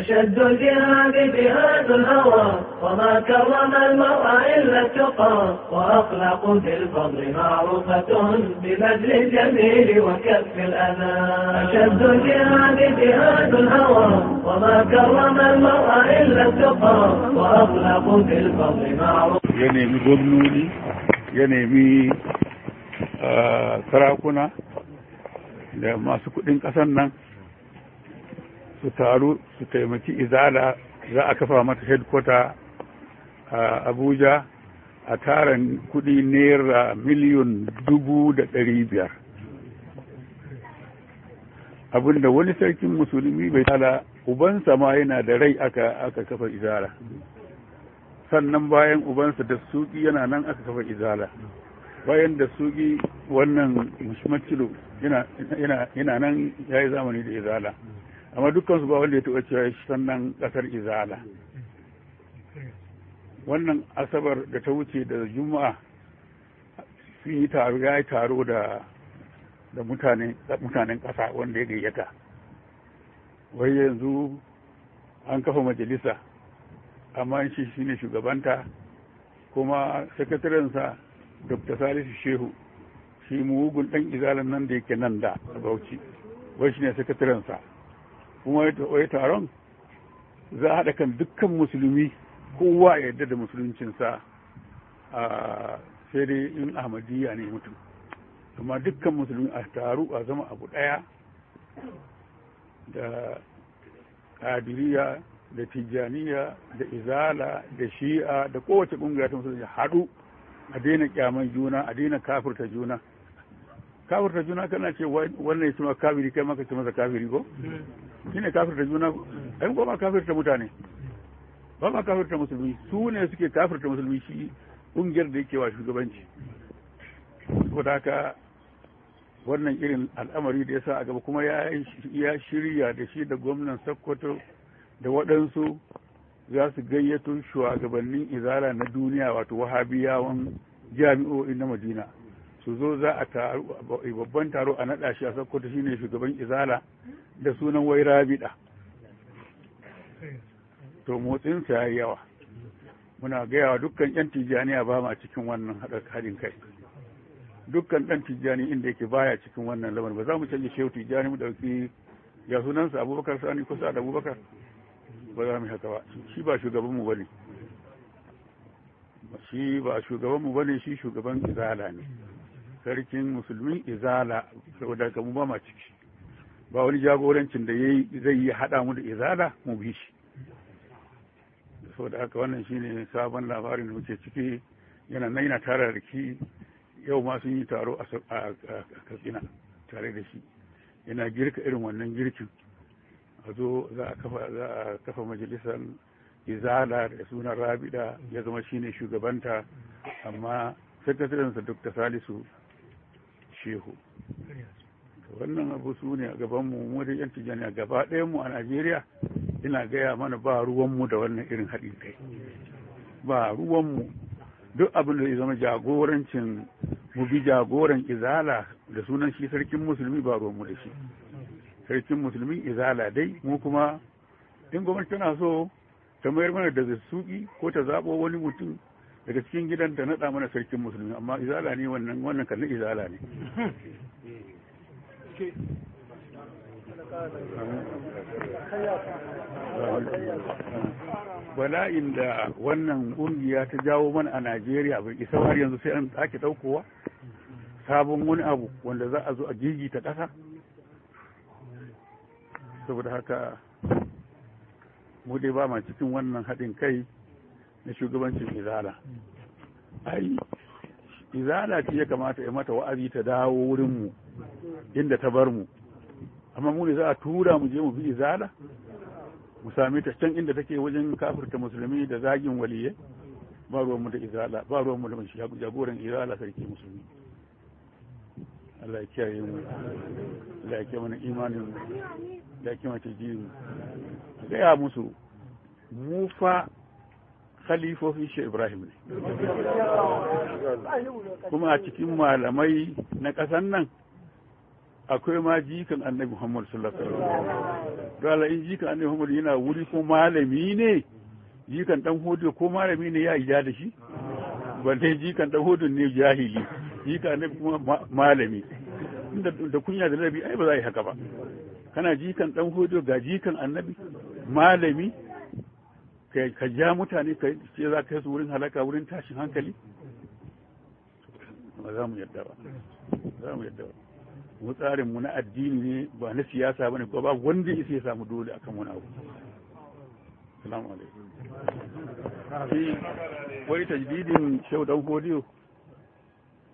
أشد الجهاد جهاد الهوى وما كرم المرء إلا التقى وأخلاق في الفضل معروفة ببذل الجميل وكف الأذى أشد الجهاد جهاد الهوى وما كرم المرء إلا التقى وأخلاق في الفضل معروفة يا نيمي قبنوني يا نيمي آه، تراكنا لما masu su taru su taimaki izala za a kafa mata headquarter a abuja a taron kudi naira miliyon dubu da ɗari biyar abinda wani sarkin musulmi bai tala ubansa ma yana da rai aka kafa izala sannan bayan ubansa da suki yana nan aka kafa izala bayan da suki wannan mashimacilo yana nan ya yi zamani da izala amma dukkan su ba wanda ya taɓa cewa sannan ƙasar izala wannan asabar da ta wuce da juma'a sun yi taro ya yi taro da da mutanen ƙasa wanda ya gayyata wai yanzu an kafa majalisa amma shi shine shugabanta kuma sakatarensa dr salisu shehu shi mugun ɗan izalan nan da yake nan da a bauchi wai shine sakatarensa kuma ya taron za a haɗa kan dukkan musulmi kowa ya yarda da musuluncinsa a sai dai in ahmadiyya ne mutum amma dukkan musulmi a taru a zama abu ɗaya da ƙadiriya da tijjaniya da izala da shi'a da kowace ƙungiya ta musulunci haɗu a daina kyaman juna a daina kafirta juna kafirta juna kana ce wannan ya ce ma kafiri kai maka ce masa kafiri ko hmm. shine kafirta juna ai ko ba kafirta mutane ba ma kafirta musulmi su ne suke kafirta musulmi shi kungiyar da yake wa shugabanci saboda haka wannan irin al'amari da ya sa a gaba kuma ya shirya da shi da gwamnan sokoto da waɗansu za su gayyato shugabannin izala na duniya wato wahabiyawan jami'o'i na madina su zo za a taru babban taro a naɗa shi a sakkwato shine shugaban izala da sunan wai rabida to motsinsa ya yi yawa muna gayawa dukkan yan tijjaniya ba bama cikin wannan haɗin kai dukkan ɗan tijjani inda yake baya cikin wannan lamarin ba za mu canje shehu tijjani mu ɗauki ya sunansa abubakar sani kusa da abubakar ba za mu haka ba shi ba shugaban mu bane shi ba shugaban mu bane shi shugaban izala ne sarkin musulmi izala saboda ka mu ba ma ciki ba wani jagorancin da zai yi hada mu da izala mu bi shi saboda haka wannan shine sabon labarin da muke ciki yana nan yana tara da ki yau ma sun yi taro a katsina tare da shi yana girka irin wannan girkin a zo za a kafa za majalisar izala da sunan rabida ya zama shine shugabanta amma sa dr salisu shehu wannan abu su ne a gaban mu mu da yan a gaba ɗayan mu a Najeriya ina gaya mana ba ruwan mu da wannan irin haɗin kai ba ruwan mu duk abin da zama jagorancin mu bi jagoran izala da sunan shi sarkin musulmi ba ruwan mu da shi sarkin musulmi izala dai mu kuma in gwamnati tana so ta mayar mana da zasuki ko ta zaɓo wani mutum daga cikin gidan da nada mana sarkin musulmi amma izala ne wannan wannan kan izala ne bala'in da wannan ƙungiya ta jawo mana a najeriya bai isa har yanzu sai an ake ɗaukowa sabon wani abu wanda za a zo a ta ƙasa saboda haka mu dai ba ma cikin wannan haɗin kai na shugabancin izala ai izala ce ya kamata ya mata wa'azi ta dawo wurin mu inda ta bar mu amma mu ne za a tura mu je mu bi izala mu same ta can inda take wajen kafirta musulmi da zagin waliye ba ruwanmu da izala ba ruwanmu da shiga jagoran izala sarki musulmi Allah ya kiyaye mu Allah ya kiyaye mana imanin mu ya kiyaye mata ga ya musu mu fa kalifofin shi Ibrahim ne. Kuma a cikin malamai na ƙasan nan akwai ma jikan annabi Muhammad sallallahu alaihi wasallam. in jikan annabi Muhammad yana wuri ko malami ne jikan dan hudu ko malami ne ya ija da shi. Balle jikan dan hudu ne jahili jikan annabi kuma malami. Da kunya da larabi ai ba za a yi haka ba. Kana jikan dan hudu ga jikan annabi malami ka ja mutane ka ce za ka su wurin halaka wurin tashin hankali ba za mu yadda ba za mu yadda ba mu tsarin mu na addini ne ba na siyasa bane ko ba wanda yake ya samu dole akan wani abu salamu alaikum wai tajdidin shau dan hodiyo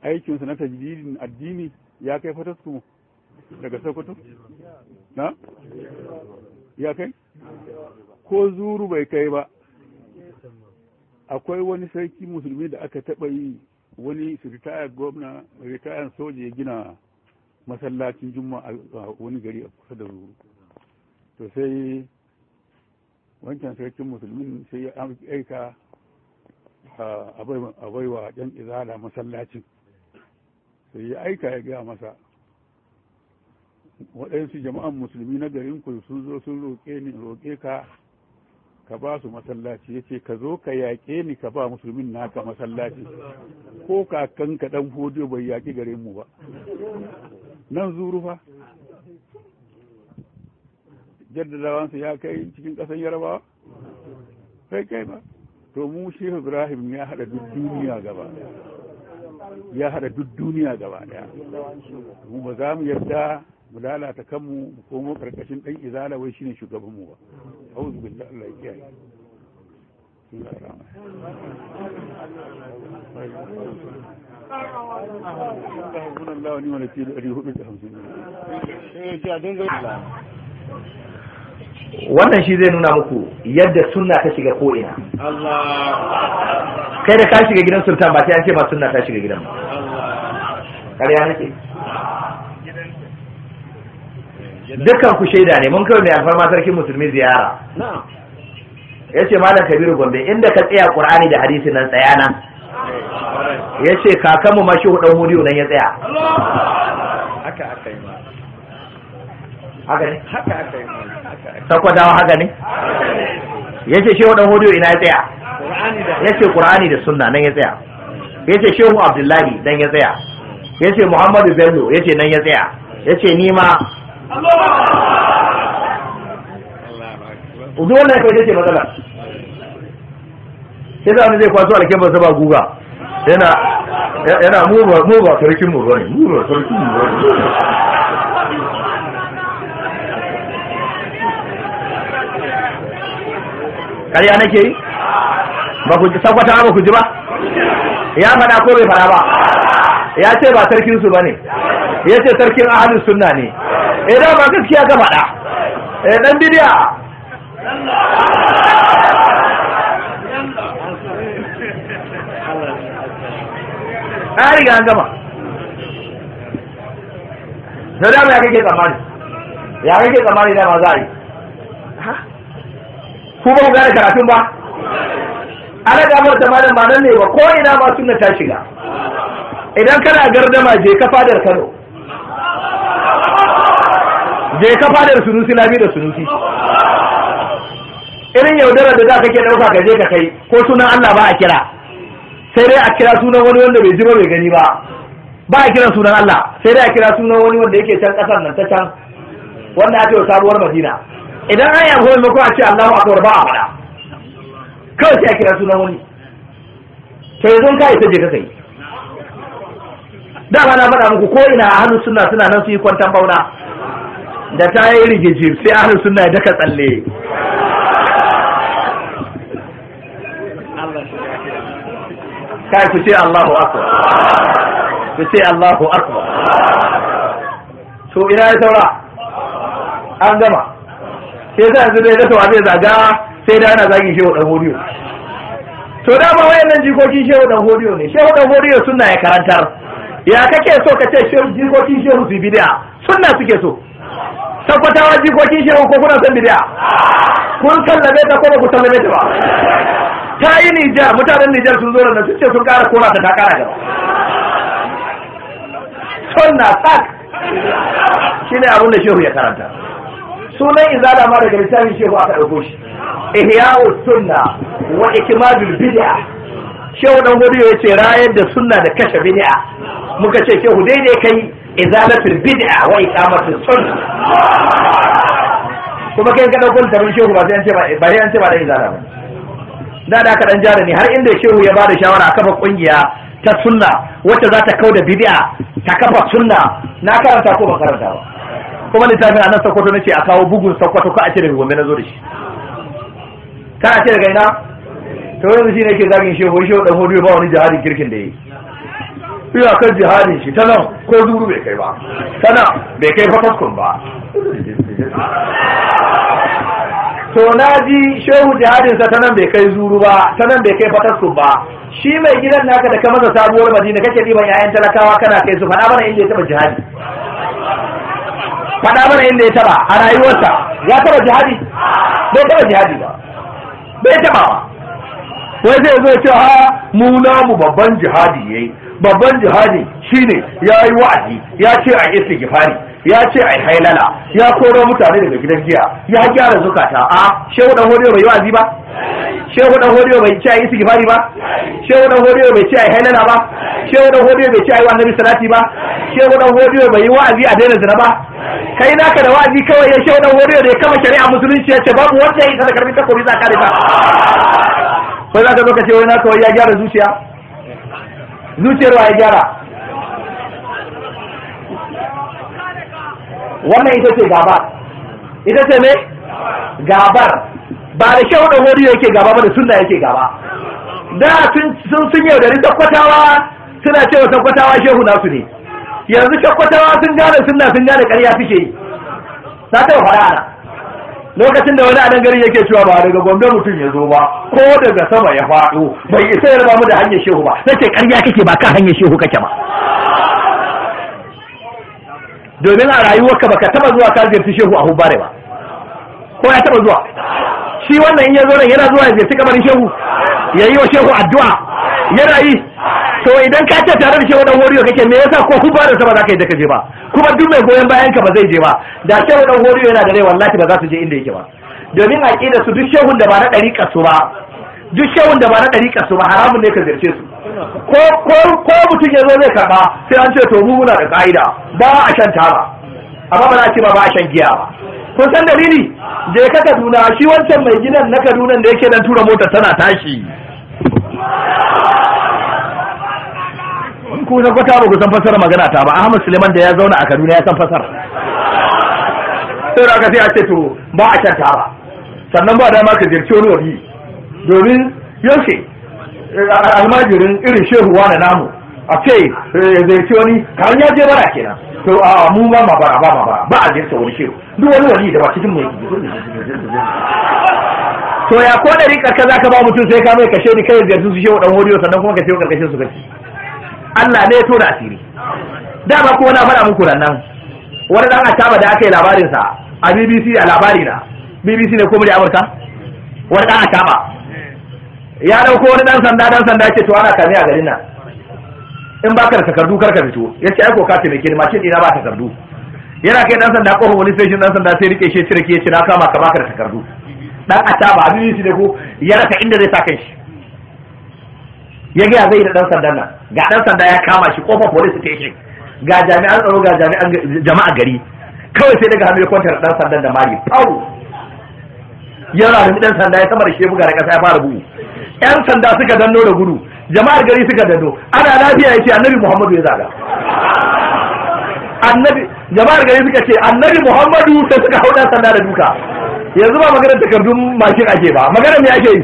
aikinsa na tajdidin addini ya kai fatasku daga sokoto na ya kai ko zuru bai kai ba akwai wani sarki musulmi da aka taɓa yi wani ritayar gwamna ritayan soja ya gina masallacin juma'a a wani gari a kusa da zuru to sai wancan sarkin musulmin sai ya aika a baiwa ɗan izala masallacin sai ya aika ya gaya masa waɗansu jama'an musulmi na garin ku sun zo sun roƙe ka ka ba su masallaci ya ce ka zo ka yaƙe ni ka ba musulmin naka masallaci ko kakan ka ɗan fodiyo bai yaƙi gare mu ba nan zuru fa jaddadawansu ya kai cikin ƙasar yarabawa kai kai ba to mu shi ibrahim ya haɗa duk duniya gaba ya haɗa duk duniya gaba ɗaya mu ba za mu yarda mu lalata kanmu mu komo karkashin dan izala wai shine shugaban mu ba auzu billahi Allah ya kiyaye wannan shi zai nuna muku yadda sunna ta shiga ko'ina kai da ka shiga gidan sultan ba sai an ce ba sunna ta shiga gidan ba ƙarya nake dukkan ku shaida ne mun kai mai alfarma sarkin musulmi ziyara ya ce malam kabiru gombe inda ka tsaya qur'ani da hadisi nan tsaya nan ya ce kakanmu ma shi hudan hudiyo nan ya tsaya haka aka yi haka ne haka aka yi sakwatawa haka ne ya ce shehu dan hudu ina ya tsaya ya ce qur'ani da sunna nan ya tsaya ya ce shehu abdullahi nan ya tsaya ya ce muhammadu bello ya ce nan ya tsaya ya ce ni ma duk wannan kai ce matsala sai da wani zai kwaso alkemba sa ba guga yana yana mu ba ba sarkin mu bane mu ba sarkin mu bane kariya nake yi ba ku ba ku ji ba ya faɗa ko bai faɗa ba ya ce ba sarkin su bane ya ce sarkin ahalin suna ne idan eh, da ba gaskiya ga faɗa eh ɗan bidiya a riga an gama da dama ya kake tsammani ya kake tsammani dama za a yi ku ba ku gane karatun ba ana damar da malam ba nan ne ba ko ina ma suna ta shiga idan kana gardama je ka fadar kano je ka fadar sunusi lami da sunusi irin yaudarar da za ka ke ɗauka ka je ka kai ko sunan allah ba a kira sai dai a kira sunan wani wanda bai ji ba bai gani ba ba a kira sunan allah sai dai a kira sunan wani wanda yake can ƙasar nan ta can wanda ake yi sabuwar madina idan an yanzu mai mako a ce allahu akbar ba a kawai sai a kira sunan wani to yanzu ka ta je ka kai dama na faɗa muku ko ina a hannun suna suna nan su yi kwantan bauna da ta yi rigijir sai hannun suna ya daka tsalle kai ku ce Allahu akbar ku ce Allahu akbar to ina ya saura an gama sai za zai dai gasawa zai zaga sai da ana zagin shehu dan hodiyo to dama wayannan jikokin shehu dan hodiyo ne shehu dan hodiyo suna ya karantar ya kake so ka ce shehu jikokin shehu su bidiya sunna suke so tabbatawa jikokin shehu ko kuna son bidiya kun kallabe ta ko ku sallame ta ba ta yi Nijar mutanen Nijar sun zo da sun ce sun kara kora ta ta kara gaba sunna tak shine abin da shehu ya karanta sunan izala ma daga littafin shehu aka dauko shi ihya'u sunna wa ikmalul bid'ah shehu dan godiyo ya ce rayar da sunna da kashe bid'a muka ce shehu dai ne kai izalatul bid'a wa mafi sunna kuma kai ka dauko tabin shehu ba sai an ce ba ba sai an ce ba da izala ba da da ka dan jara ne har inda shehu ya bada shawara a kafa kungiya ta sunna wacce za ta kauda bid'a ta kafa sunna na karanta ko ba karanta ba kuma littafin a nan na ce a kawo bugun sakwato ko a ce bi gombe na zo da shi kana ce daga ina to yanzu shine yake zagin shehu shehu ɗan hudu ba wani jihadin kirkin da yi ina kan jihadin shi ta nan ko duru bai kai ba tana bai kai fataskun ba to na ji shehu jihadinsa ta nan bai kai zuru ba ta nan bai kai fataskun ba shi mai gidan naka da kamar sabuwar madina kake ɗiban yayan talakawa kana kai su faɗa mana inda ya taɓa jihadi faɗa mana inda ya taɓa a rayuwarsa ya taɓa jihadi bai taɓa jihadi ba bai taɓa ba wai zai zo ce ha mu namu babban jihadi yayi babban jihadi shine yayi wa'azi ya ce a gifari, ya ce a hailala ya koro mutane daga gidan jiya ya gyara zukata a shehu dan hodiyo bai wa'azi ba shehu dan hodiyo bai ce a gifari ba shehu dan hodiyo bai ce a hailala ba shehu dan hodiyo bai ce a yi annabi salati ba shehu dan hodiyo bai yi wa'azi a daina zina ba kai naka da wa'azi kawai ya shehu dan hodiyo da ya kama shari'a musulunci ya ce babu wanda ya isa da bi takobi za ka da ko za ka zo ka ce wani naka ya gyara zuciya zuciyar wa ya gyara wannan ita ce gabar ita ce ne gabar ba da kyau da wani yake gaba ba da sunna yake gaba da sun sun yaudari kwatawa suna cewa takwatawa shehu nasu ne yanzu kwatawa sun gane sunna sun gane ƙarya suke yi ta taɓa fara ana lokacin da wani adan gari yake cewa ba daga gombe mutum ya zo ba ko daga sama ya faɗo bai isa ya mu da hanyar shehu ba nace ƙarya kake ba kan hanyar shehu kake ba domin a rayuwarka baka taba zuwa ka ziyarci shehu a hubbare ba ko ya taba zuwa shi wannan in ya zo nan yana zuwa ya ziyarci kamar shehu ya yi wa shehu addu'a yana yi to idan ka ce tare da shi dan horiyo kake me yasa ko ku bada da ba zaka yi da kaje ba kuma duk mai goyon bayan ka ba zai je ba da shehu dan horiyo yana da rai wallahi ba za su je inda yake ba domin aqida su duk shehun da ba na dariƙa su ba duk shehun da ba na dariƙa su ba haramun ne ka zirce su ko ko ko mutum ya zo zai karba sai an ce to mu muna da ka'ida ba a shan tara, amma ba za a ce ba ba a shan giya ba kun san dalili je ka Kaduna shi wancan mai gidan na Kaduna da yake dan tura motar tana tashi ku na kwata ba ku san fasara magana ta ba Ahmad Suleiman da ya zauna a Kaduna ya san fasara sai da aka sai a ce to ba a can ta ba sannan ba dama ka jirce wani wani domin yaushe eh, almajirin irin shehu wani namu a ce eh, zai ce wani kawai ya je bara kenan to a mu ba ma bara ba ma bara ba a jirce wani shehu duk wani wani da ba cikin mai to ya ko da za ka zaka ba mutum sai ka mai kashe ni kai ziyarci su shehu dan hodiyo sannan kuma ka ce karkashin su kashi Allah ne ya tona asiri Da ba ko na faɗa muku nan wani dan acaba da aka yi labarinsa a BBC a labari na BBC ne ko murya Amurka wani dan acaba ya dauko wani dan sanda dan sanda yake to ana kame a garin nan in baka da takardu kar ka fito yace ai ko ka ke ni mashin dina ba takardu yana kai dan sanda kofar wani station dan sanda sai rike shi cire ke yace na kama ka baka da takardu dan acaba a BBC ne ko ya raka inda zai sa kai shi ya gaya zai da dan sandan nan ga dan sanda ya kama shi kofar police station ga jami'an tsaro ga jami'an jama'a gari kawai sai daga hannu ya kwantar dan sandan da mari pau ya da dan sanda ya sama da shebuga da kasa ya fara bugu yan sanda suka danno da gudu jama'ar gari suka danno ana lafiya yace annabi muhammadu ya zaga annabi jama'ar gari suka ce annabi muhammadu sai suka hau sanda da duka yanzu ba magana takardun mashin ake ba magana me ake yi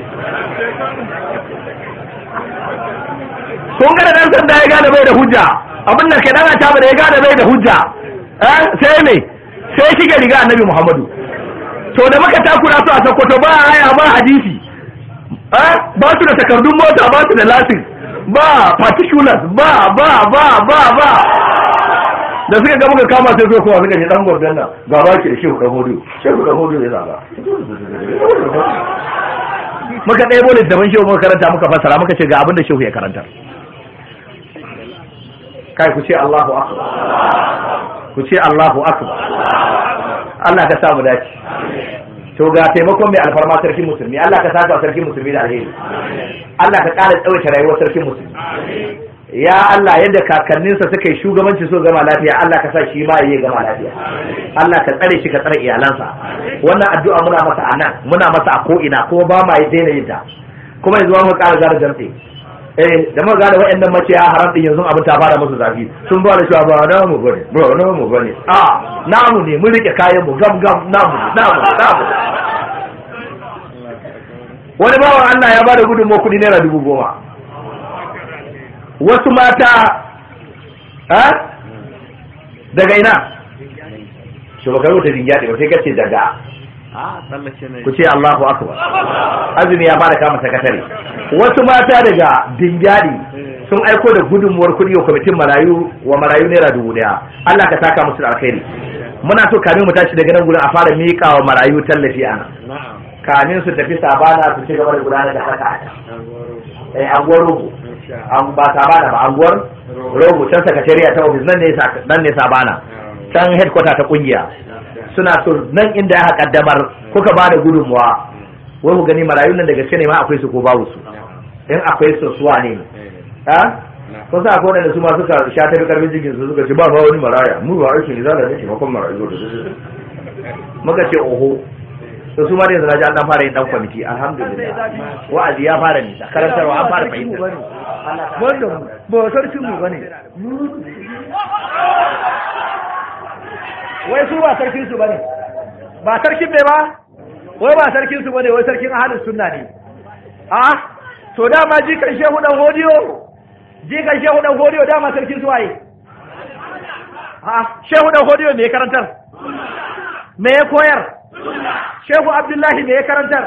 kun gada dan sanda ya gane bai da hujja abin da kai dana ta bada ya gane bai da hujja eh sai ne sai shi ga riga annabi Muhammadu to da muka takura su a Sokoto ba aya ba hadisi eh ba su da takardun mota ba su da lasin ba particulars ba ba ba ba ba da suka ga muka kama sai zo kuma suka ce dan gordon nan ga ba ki da shehu dan hodo shehu dan hodo ne ba muka ɗaya bolin daban shehu muka karanta muka fassara muka ce ga abin da shehu ya karanta kai ku ce Allahu akbar ku ce Allahu akbar Allah ka samu dace to ga taimakon mai alfarma sarkin musulmi Allah ka saka sarkin musulmi da alheri Allah ka ƙara tsawaita rayuwar sarkin musulmi ya Allah yadda kakanninsa suka yi shugabanci so gama lafiya Allah ka sa shi ma ya gama lafiya Allah ka tsare shi ka tsare iyalansa wannan addu'a muna masa a nan muna masa a ko ina kuma ba ma daina yin ta kuma yanzu mu ƙara gara jarfe eh da muka gane waɗannan maciya haram din yanzu abin ta fara musu zafi sun da cewa ba na mu bane bro na mu bane a namu ne mun rike kayan mu gam gam namu namu namu wani bawa Allah ya bada gudunmo kuɗi naira dubu goma wasu mata daga ina shugaba ta dinga ɗaya sai ce daga ku ce Allahu akbar azumi ya fara kama sakatare wasu mata daga dingyadi eh. sun aiko da gudunmuwar kuɗi wa kwamitin marayu wa marayu naira dubu daya Allah ka saka musu da alkhairi muna so kamin mu tashi daga nan gurin a fara miƙa wa marayu tallafi ana kamin su tafi sabana su ci gaba da gudanar da haka eh anguwar rogo an ba sabana ba anguwar rogo can sakatariya ta ofis nan ne sabana can headquarter ta kungiya suna so nan inda ya kaddamar kuka ba da gudunmuwa wai ku gani marayun nan daga gaske ne ma akwai su ko babu su in akwai su suwa ne ha ko sa ko da su ma suka sha ta karbin jikin su suka ce ba ba wani maraya mu ba aikin da nake makon marayu da su muka ce oho to su ma da yanzu an dan fara yin dan kwamiti alhamdulillah wa'azi ya fara nisa karantarwa an fara fahimta wannan ba sarkin mu bane wai su ba sarkin su bane ba sarkin bai ba wai ba sarkin su bane wai sarkin ahlus sunna ne a to dama jikan shehu dan hodiyo jikan shehu dan hodiyo dama sarkin su waye a shehu dan hodiyo me karantar me ya koyar Shehu Abdullahi me ya karantar?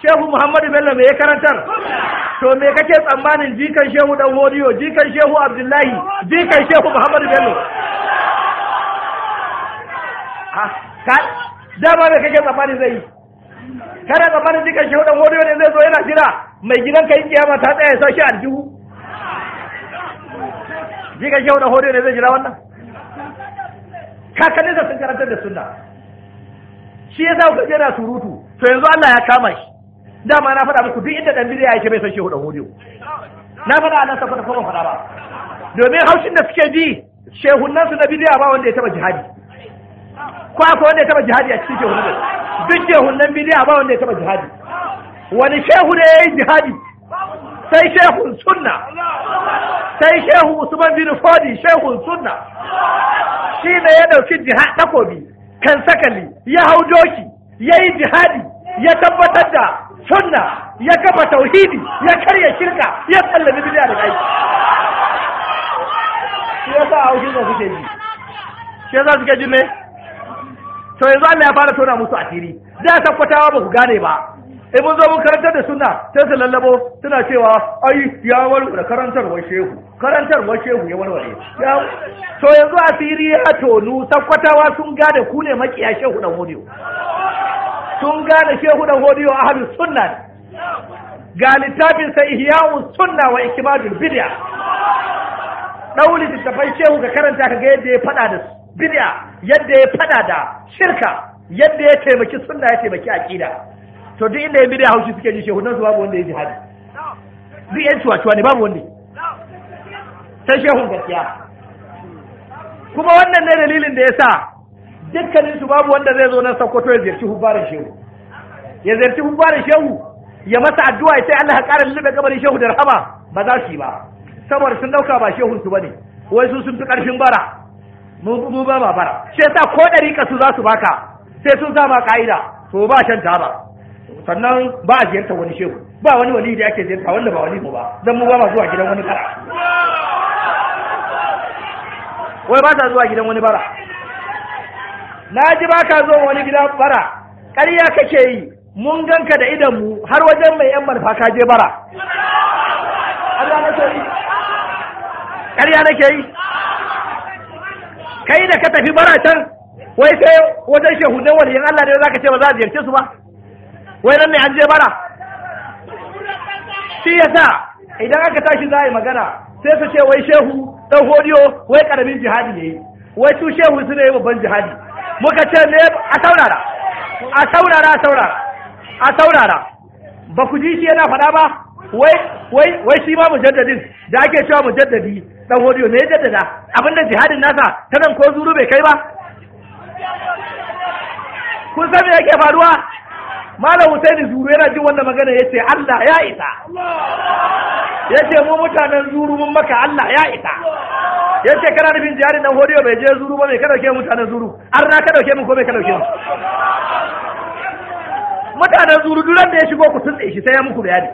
Shehu Muhammadu Bello me ya karantar? To me kake tsammanin jikan Shehu Dan hodiyo, jikan Shehu Abdullahi, jikan Shehu Muhammadu Bello? ka dama da kake tsammanin zai yi kada tsammanin jika shi hudun wani ne zai zo yana jira mai gidan ka yi kiyama ta tsaye sashi a shi jika shi hudun wani ne zai jira wannan kakannin sun karantar da sunna shi ya sa kuka yana surutu to yanzu Allah ya kama shi dama na faɗa muku duk inda dan bidiya yake bai san shi hudun wani na faɗa a nan saboda kuma faɗa ba domin haushin da suke ji shehunansu su na bidiya ba wanda ya taba jihadi ko akwai wanda ya taba jihadi a cikin shehu duk nan bidiya ba wanda ya taba jihadi wani shehu ne ya yi jihadi sai shehun sunna sai shehu usman bin fodi shehun sunna shi ne ya dauki jihad takobi kan sakali ya hau doki ya yi jihadi ya tabbatar da sunna ya kafa tauhidi ya karya shirka ya tsallami bidiya da kai shi yasa a wajen da suke ji shi yasa suke ji ne to yanzu Allah ya fara tona musu asiri da tabbata ba ku gane ba in eh, mun zo mun karantar da sunna sai su lallabo suna cewa ai ya warware karantarwar shehu karantarwar shehu ya warware to yanzu asiri ya tonu tabbatawa sun gane ku ne makiya shehu dan hodiyo sun gane shehu dan hodiyo ahli sunna ga littafin sa ihya'u sunna wa ikmadul bid'a dauli tafai shehu ga karanta ka ga yadda ya fada da su bid'a yadda ya fada da shirka yadda ya taimaki sunna ya taimaki aqida to duk inda ya bid'a haushi suke ji shehunan su babu wanda ya jihadi duk yan cuwa ne babu wanda sai shehun gaskiya kuma wannan ne dalilin da ya sa dukkanin su babu wanda zai zo nan Sokoto ya ziyarci hubbarin shehu ya ziyarci hubbarin shehu ya masa addu'a ya Allah ya ƙara lulluɓe gabarin shehu da rahama ba za su yi ba saboda sun ɗauka ba shehun su bane wai su sun fi ƙarfin bara mu ba ba bara sai yasa ko ɗari su za su baka sai sun sama ka'ida to ba shan taba sannan ba a ziyarta wani shehu ba wani wali da ake ziyarta wanda ba wali mu ba dan mu ba ma zuwa gidan wani bara wai ba ta zuwa gidan wani bara na ji ba ka wani gidan bara ƙarya kake yi mun ganka da idan mu har wajen mai yan manufa ka je bara Allah so yi ƙarya nake yi kai da ka tafi bara can wai sai wajen shehunan waliyan Allah ne za ka ce ba za a ziyarce su ba wai nan ne an je bara shi yasa idan aka tashi za a yi magana sai su ce wai shehu dan hodiyo wai karamin jihadi ne wai su shehu su ne babban jihadi muka ce ne a saurara a saurara a saurara a saurara ba ku ji shi yana faɗa ba wai wai shi ma mujaddadin da ake cewa mujaddadi dan hodiyo ne ya jaddada abinda jihadin nasa ta nan ko zuru bai kai ba kun san me yake faruwa malam Husaini zuru yana jin wannan magana yace Allah ya isa yace mu mutanen zuru mun maka Allah ya isa yace kana nufin jihadin dan hodiyo bai je zuru ba mai kada ke mutanen zuru an ra ka dauke mun ko bai ka dauke mun mutanen zuru duran da ya shigo ku tuntse shi sai ya muku bayani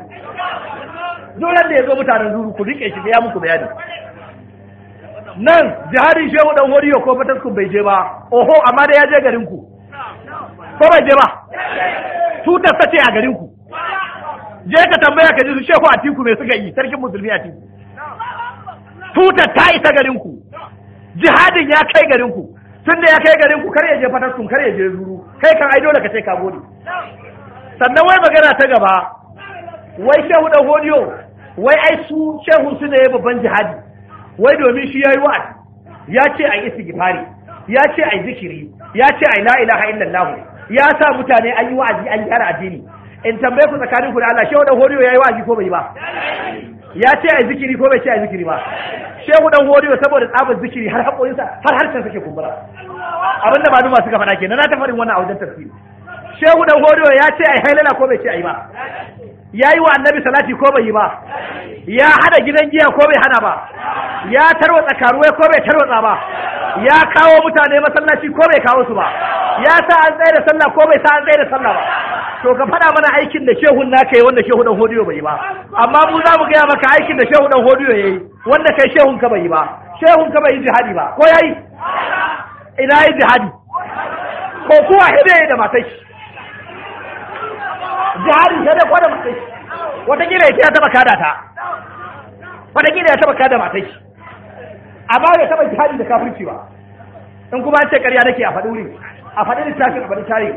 duk da ya zo mutanen zuru ku rike shi ya muku bayani nan jihadin shehu dan wariyo ko fataskun bai je ba oho amma da ya je garin ku ko bai je ba tutar ta ce a garin ku je ka tambaya ka ji su shehu a tiku mai suka yi sarkin musulmi a tiku tutar ta isa garin ku jihadin ya kai garin ku tun da ya kai garin ku kar ya je fataskun kar ya je zuru kai kan ai dole ka ce ka gode sannan wai magana ta gaba wai shehu dan wariyo wai ai su shehu su ne babban jihadi wai domin shi yayi wa'ad ya ce ai istighfari ya ce ai zikiri ya ce ai la ilaha illallah ya sa mutane an yi wa'azi an gyara addini in tambaye ku tsakanin ku da Allah shehu dan horiyo yayi wa'azi ko bai ba ya ce ai zikiri ko bai ce ai zikiri ba shehu dan horiyo saboda tsabar zikiri har haƙorinsa har harshen suke kumbura abinda duma suka faɗa ke na ta faɗin wannan a wajen tafsiri shehu dan horiyo ya ce ai halala ko bai ce ai ba ya yi wa annabi salati ko bai yi ba ya hada gidan giya ko bai hada ba ya tarwatsa karuwa ko bai tarwatsa ba ya kawo mutane masallaci ko bai kawo su ba ya sa an tsaye da sallah ko bai sa an tsaye da sallah ba to ka faɗa mana aikin da shehun naka yi wanda shehu dan hodiyo bai yi ba amma mu za mu gaya maka aikin da shehu dan hodiyo ya yi wanda kai shehun ka bai yi ba shehun ka bai yi jihadi ba ko ya yi ina yi jihadi ko kuwa hidaye da matai jihari sai dai kwada matai shi watakila ya taba kada ta wataƙila ya taba kada matai shi amma bai taba jihari da kafirci ba in kuma an ce ƙarya nake a faɗi a faɗi littafin a faɗi tari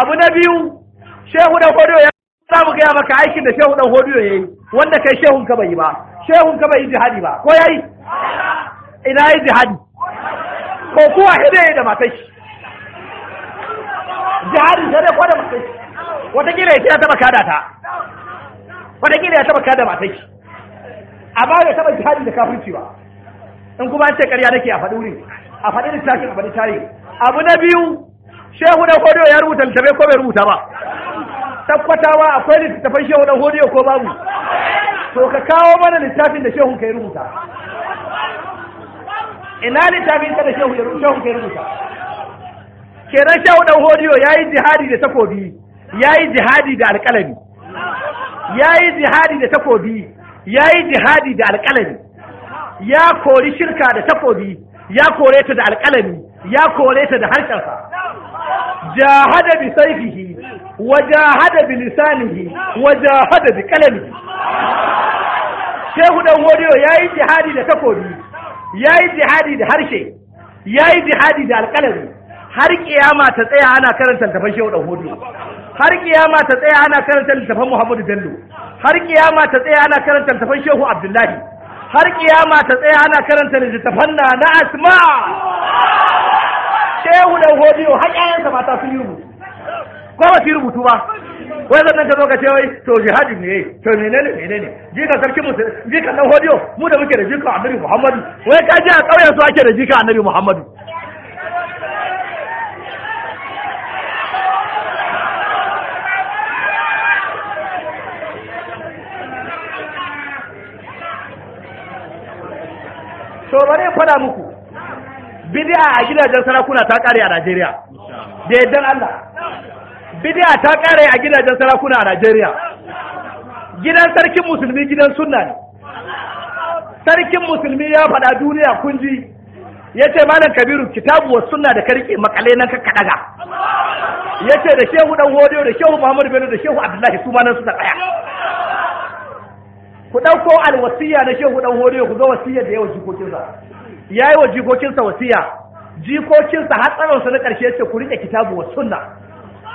abu na biyu shehu da hodo ya samu gaya maka aikin da shehu da hodo ya yi wanda kai shehun ka bai yi ba shehun ka bai yi jihadi ba ko ya yi ina yi jihadi ko kuwa hidaye da matai shi jihadi sai dai kwada matai shi watakila ya taba kada ta watakila ya taba kada matai amma ya taba jihadi da kafirci ba in kuma an ce ƙarya nake a faɗi wuri a faɗi littafin a faɗi tarihi abu na biyu shehu na hodiyo ya rubuta littafai ko bai rubuta ba tabbatawa akwai littafai shehu na hodiyo ko babu to ka kawo mana littafin da shehu kai rubuta ina littafin ka da shehu ya rubuta rubuta kenan shehu na hodiyo ya yi jihadi da takobi ya yi jihadi da alƙalami ya yi jihadi da takobi ya yi jihadi da alƙalami ya kori shirka da takobi ya kore ta da alƙalami ya kore ta da harkarsa jahada bi saifihi wa jahada bi lisanihi wa jahada bi kalamihi shehu dan wodiyo yayi jihadi da takobi yayi jihadi da harshe yayi jihadi da alƙalami har kiyama ta tsaya ana karanta tafashe dan wodiyo har kiyama ta tsaya ana karanta littafin Muhammadu Bello har kiyama ta tsaya ana karanta littafin Shehu Abdullahi har kiyama ta tsaya ana karanta littafin na na Asma Shehu da Hodiyo har ƴaƴansa mata sun yi rubutu ko ba su yi rubutu ba wai zan ka zo ka ce wai to jihadi ne to menene menene jika sarki musu jika dan Hodiyo mu da muke da jika Annabi Muhammadu wai ka ji a ƙauyen su ake da jika Annabi Muhammadu to bari in faɗa muku bid'a a gidajen sarakuna ta ƙare a Najeriya da yaddan Allah bid'a ta ƙare a gidajen sarakuna a Najeriya gidan sarkin musulmi gidan sunna ne sarkin musulmi ya faɗa duniya kun ji ya ce malam kabiru kitabu wasu sunna da karke makale nan ka daga ya ce da shehu dan hodiyo da shehu muhammadu bello da shehu abdullahi su ma nan suka tsaya ku ɗauko alwasiya na shehu ɗan horiyo ku ga wasiyar da yawa jikokinsa ya yi wa jikokinsa wasiya jikokinsa hatsarinsa na ƙarshe ce ku riƙe kitabu wa sunna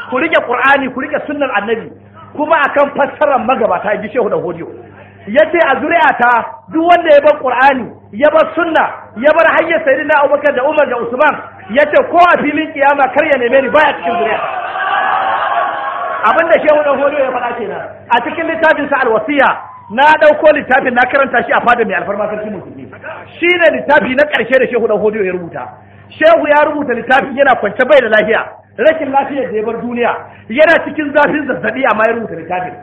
ku riƙe ƙur'ani ku riƙe sunnar annabi kuma akan fassarar magabata ya ji shehu ɗan horiyo ya ce a zuri'ata duk wanda ya bar ƙur'ani ya bar sunna ya bar hanyar sayi na abubakar da umar da usman Yace ko a filin kiyama kar ya neme ni baya cikin zuri'ata abinda shehu ɗan horiyo ya faɗa kenan a cikin littafinsa alwasiya na ɗauko littafin na karanta shi a fada mai alfarma sarki musulmi shi ne littafi na ƙarshe da shehu ɗan ya rubuta shehu ya rubuta littafin yana kwance bai da lafiya rashin lafiyar da ya bar duniya yana cikin zafin zazzaɓi amma ya rubuta littafin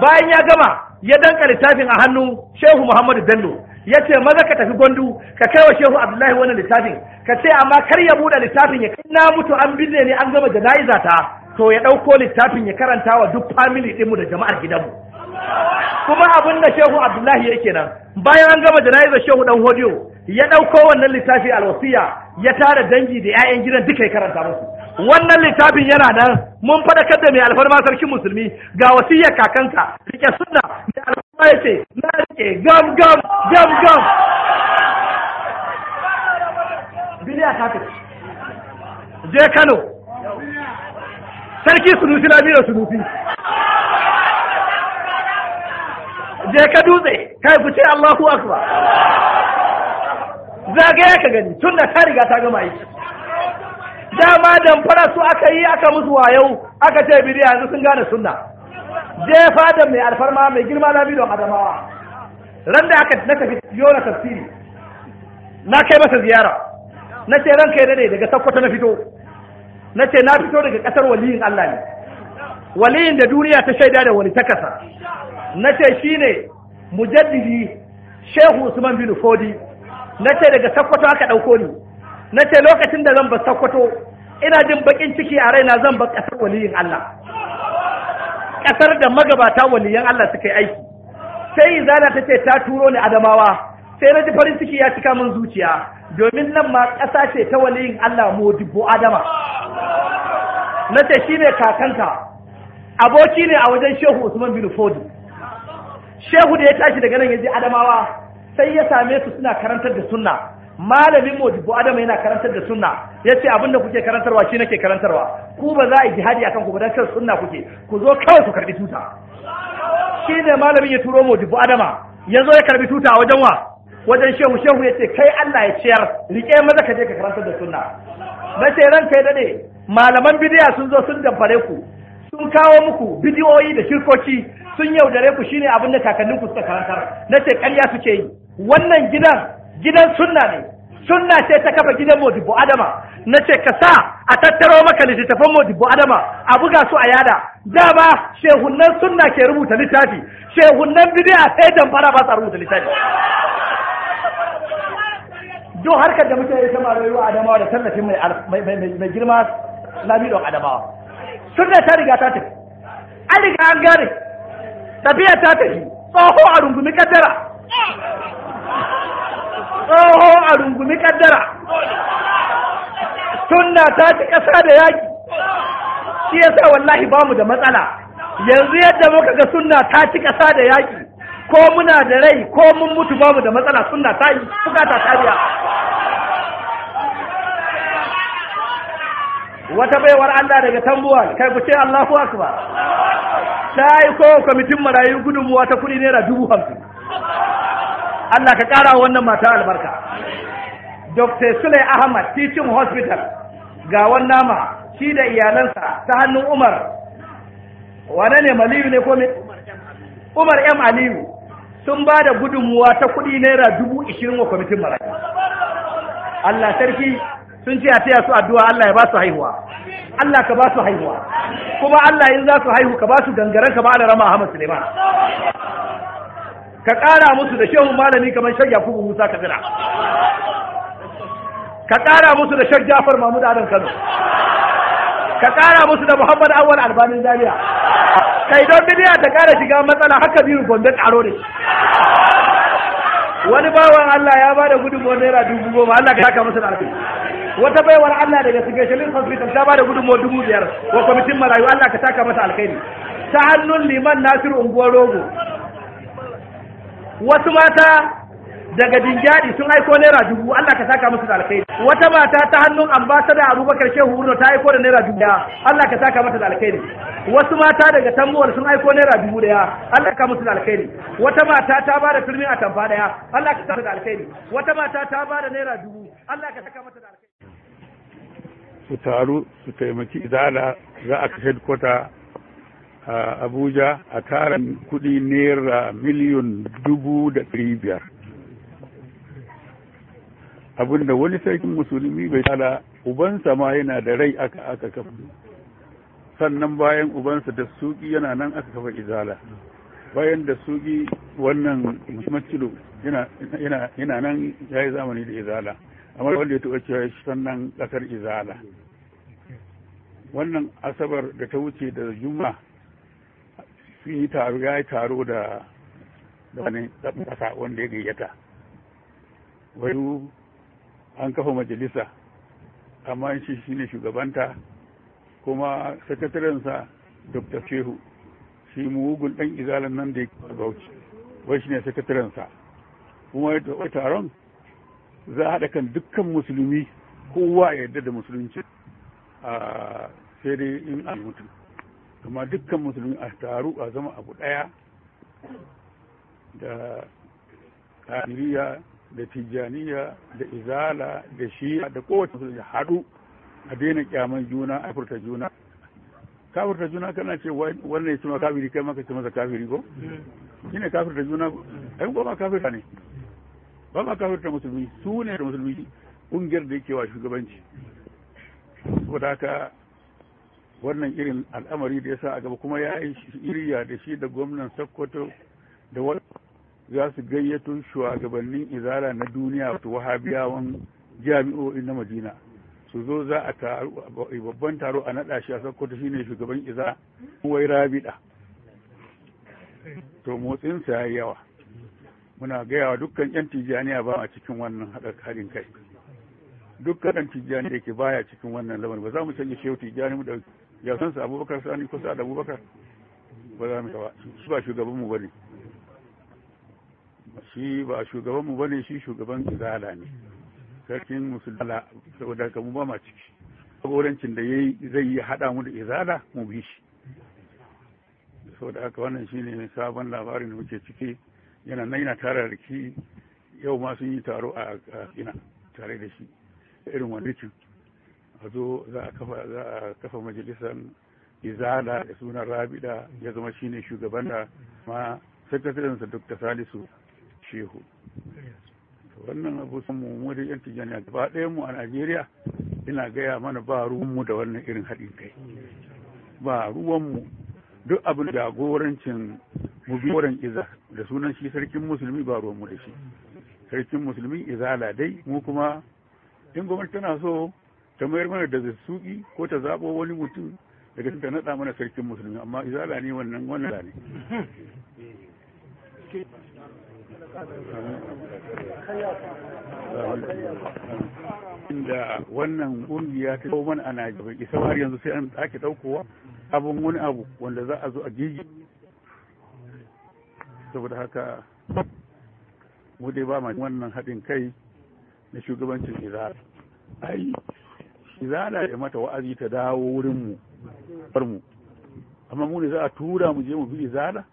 bayan ya gama ya danka littafin a hannu shehu muhammadu bello ya ce maza ka tafi gwandu ka kai wa shehu abdullahi wannan littafin ka ce amma kar ya buɗe littafin ya na mutu an binne ne an gama jana'iza ta to ya ɗauko littafin ya karanta wa duk famili ɗinmu da jama'ar gidanmu kuma abin da shehu abdullahi yake nan bayan an gama jana'izar shehu dan hodiyo ya ɗauko wannan littafi alwasiya ya tara dangi da 'ya'yan gidan duka ya karanta musu wannan littafin yana nan mun fadakar da mai alfarma sarkin musulmi ga wasiyar kakanka rike sunna mai alfarma ya ce na rike gam gam gam gam biliya ta je kano sarki je ka dutse kai fice Allahu akbar zagaya ka gani tun da ta riga ta gama yi dama damfara su aka yi aka musu wayau aka ce bidiya yanzu sun gane sunna je fada mai alfarma mai girma na bidon adamawa ran da aka na tafi na tafsiri na kai masa ziyara na ce kai ya ne daga sakkwato na fito na ce na fito daga kasar waliyin Allah ne waliyin da duniya ta shaida da wani ta takasa na ce shi ne mujaddidi shehu usman bin fodi na ce daga sakkwato aka ɗauko ni na ce lokacin da zan ba sakkwato ina jin baƙin ciki a raina zan ba ƙasar waliyin allah ƙasar da magabata waliyan allah suka yi aiki sai izana ta ce ta turo ni adamawa sai na ji farin ciki ya cika min zuciya domin nan ma ƙasa ce ta waliyin Allah modibo Adama na ce shi ne kakanka aboki ne a wajen Shehu Usman bin Fodi shehu da ya tashi daga nan ya je adamawa sai ya same su suna karantar da sunna malamin modibo adama yana karantar da sunna ya ce abin da kuke karantarwa shi nake karantarwa ku ba za a yi jihadi akan ku ba dan kan sunna kuke ku zo kawai ku karbi tuta shi ne malamin ya turo modibo adama ya zo ya karbi tuta a wajen wa wajen shehu shehu ya ce kai Allah ya ciyar rike maza ka je ka karantar da sunna na ce ran kai daɗe, malaman bidiya sun zo sun damfare ku sun kawo muku bidiyoyi da shirkoki sun yaudare ku shine abin da kakannin ku suka karantar na ce ƙarya suke yi wannan gidan gidan sunna ne sunna ce ta kafa gidan modibo adama na ce ka sa a tattaro maka littattafan modibo adama a buga su a yada dama shehunan sunna ke rubuta littafi shehunan bidiya sai damfara ba sa rubuta littafi do harkar da muke yi ta marayuwa adamawa da tallafin mai girma lamiɗon adamawa sunna ta riga ta tafi an riga an gane tafiya ta tafi tsoho a rungumi kaddara tsoho a rungumi kaddara ta ci da yaki shi yasa wallahi bamu da matsala yanzu yadda muka ga sunna ta ci kasa da yaki ko muna da rai ko mun mutu bamu da matsala sunna ta yi bukata ta wata baiwar Allah daga tambuwa kai ku ce Allahu akbar ta yi kowa kwamitin marayu gudunmuwa ta kuɗi naira dubu hamsin Allah ka ƙara wannan mata albarka Dr. Sule Ahmad Teaching Hospital ga wannan ma shi da iyalansa ta hannun Umar wane ne Maliyu ne kome? Umar M Aliyu sun ba da gudunmuwa ta kuɗi naira dubu ishirin wa kwamitin marayu Allah sarki sun ce a taya su addu'a Allah ya ba su haihuwa Allah ka ba su haihuwa kuma Allah yin za su haihu ka ba su gangaren ka ba da rama Ahmad Suleiman ka ƙara musu da shehu malami kamar shan Yakubu Musa Katsina ka ƙara musu da shan Jafar Mahmud Adam Kano ka ƙara musu da Muhammad Awal Albanin Zaria kai don duniya ta ƙara shiga matsala haka biyu gondon ƙaro ne wani bawan Allah ya bada gudunmuwar naira dubu goma Allah ka saka masa da wata baiwar Allah daga specialist hospital ta ba da gudunmuwar dubu biyar wa kwamitin marayu Allah ka saka masa alkhairi ta hannun liman Nasiru unguwar rogo wasu mata daga dinjadi sun aiko naira dubu Allah ka saka musu da alkhairi wata mata ta hannun ambasada Abubakar Shehu Urno ta aiko da naira dubu Allah ka saka mata da alkhairi wasu mata daga tambuwar sun aiko naira dubu daya Allah ka musu da alkhairi wata mata ta ba da a atamfa daya Allah ka saka da alkhairi wata mata ta ba da naira dubu Allah ka saka mata da alkhairi su taru su taimaki izala za a headquarter a Abuja a tarin kuɗi naira miliyan dubu da ɗari biyar. abinda wani sarkin musulmi bai tala ubansa ma yana da rai aka aka kafa sannan bayan ubansa da suki yana nan aka kafa izala bayan da suki wannan macilo yana nan ya yi zamani da izala amma wanda ya taɓa cewa sannan ƙasar izala wannan asabar da ta wuce da juma sun yi taro ya yi taro da wani ƙasa wanda ya gayyata wani an kafa majalisa amma shi shine shugabanta kuma sakatarensa dr shehu shi mugun dan izalan nan da ya bauchi wai shine sakatarensa kuma ya taron za a haɗa kan dukkan musulmi kowa ya yarda da musulunci a sai dai in an mutu kuma dukkan musulmi a taru a zama abu ɗaya da ƙadiriya da tijjaniya da izala da shi'a da kowace su haɗu a daina kyaman juna a furta juna kafirta juna kana ce wannan ya ce ma kafiri kai maka ce masa kafiri ko mm. shi ne kafirta juna ai ba ba kafirta ne ba ma kafirta musulmi su ne da musulmi ƙungiyar da yake wa shugabanci saboda haka wannan irin al'amari da ya sa a gaba kuma ya yi shirya da shi da gwamnan sokoto da wani za su gayyato shugabannin izara na duniya wato wahabiyawan jami'o'i na madina su zo za a babban taro a naɗa shi a sokoto shine shugaban izala wai rabida to motsinsa ya yi yawa muna wa dukkan yan tijjaniya ba a cikin wannan haɗin kai dukkan yan tijjani yake ke baya cikin wannan lamarin ba za mu sanya shehu tijjani mu da ya san sa abubakar sani kusa da abubakar ba za mu ba shi ba shugaban mu bane shi ba shugaban ba ne shi shugaban izala ne sarkin musulala saboda ka mu ba ma ciki jagorancin da yayi zai yi haɗa mu da izala mu bi shi saboda haka wannan shine sabon labarin da muke ciki yana nan yana tara yau ma sun yi taro a ina tare da shi irin wani rikin a zo za a kafa za a kafa majalisar izala da sunan rabida ya zama shine shugaban da ma sakatarensa dr salisu shehu wannan abu sun mu da yan tijjaniya gaba mu a najeriya ina gaya mana ba ruwanmu da wannan irin haɗin kai ba ruwanmu duk abin jagorancin mubiyoran iza da sunan shi sarkin musulmi ba ruwanmu da shi sarkin musulmi izala dai mu kuma in gwamnati tana so ta mayar mana da zasuki ko ta zaɓo wani mutum daga ta nada mana sarkin musulmi amma izala ne wannan wannan ne inda wannan ƙungiya ta zo mana a Najeriya isa har yanzu sai an ake daukowa Abin wani abu wanda za a zo a gigi saboda haka mu dai ba ma wannan haɗin kai na shugabancin izala ai izala da mata wa'azi ta dawo wurin mu amma mu za a tura mu je mu bi izala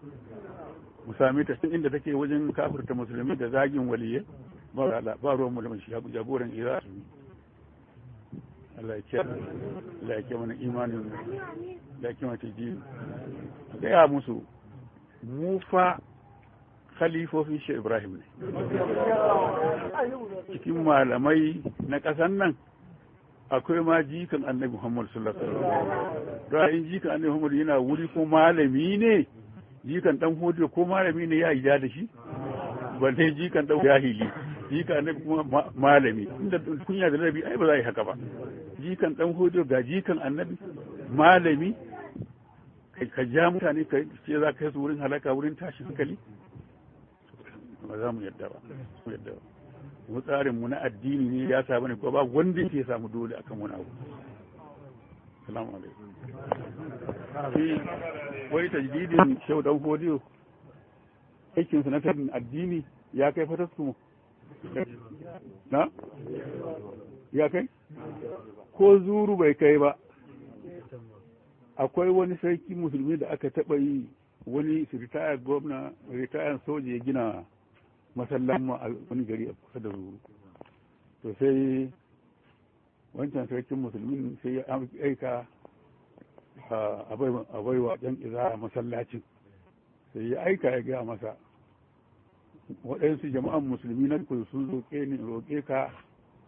mu same ta inda take wajen kafirta musulmi da zagin waliye ba ruwan mu da mashi jagoran ira Allah ya Allah ya mana imanin da ya mana tijini gaya musu mufa fa khalifofin shi Ibrahim ne cikin malamai na ƙasan nan akwai ma jikan annabi Muhammad sallallahu alaihi wasallam jikan annabi Muhammad yana wuri ko malami ne jikan dan hodiyo ko malami ne ya ija da shi dai jikan dan jahili jika ne kuma malami inda kunya da nabi ai ba za a yi haka ba jikan dan hodiyo ga jikan annabi malami ka ja mutane ka ce za ka yi wurin halaka wurin tashi hankali ba za mu yadda ba mu yadda ba mu tsarin mu na addini ne ya sa bane ko ba wanda yake samu dole akan wani abu salamu alaikum wai tajdidin shau hodiyo aikin su na kan addini ya kai fatasku na ya kai ko zuru bai kai ba akwai wani sarki musulmi da aka taɓa yi wani ritaya gwamna ritayan soja ya gina masallan a wani gari a kusa da zuru to sai wancan sarkin musulmi sai ya aika a bai wa ɗan a masallacin sai ya aika ya gaya masa waɗansu jama'an musulmi na kudu sun roƙe ni roƙe ka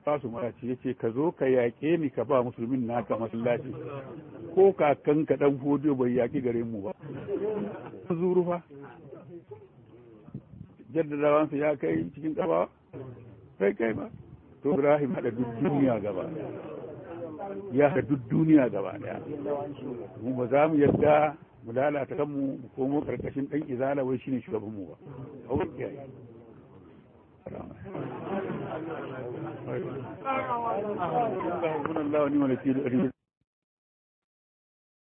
ba su maraci ya ce ka zo ka yaƙe ni ka ba musulmin naka masallaci ko kakan ka ɗan hodo bai yaƙi gare mu ba zuru fa dawansa ya kai cikin ƙafa sai kai ba to ibrahim haɗa duk duniya gaba ya duk duniya gaba ɗaya mu ba za mu yadda mu lalata kanmu mu komo ƙarƙashin ɗan izala wai shine shugaban mu ba kawai kiyaye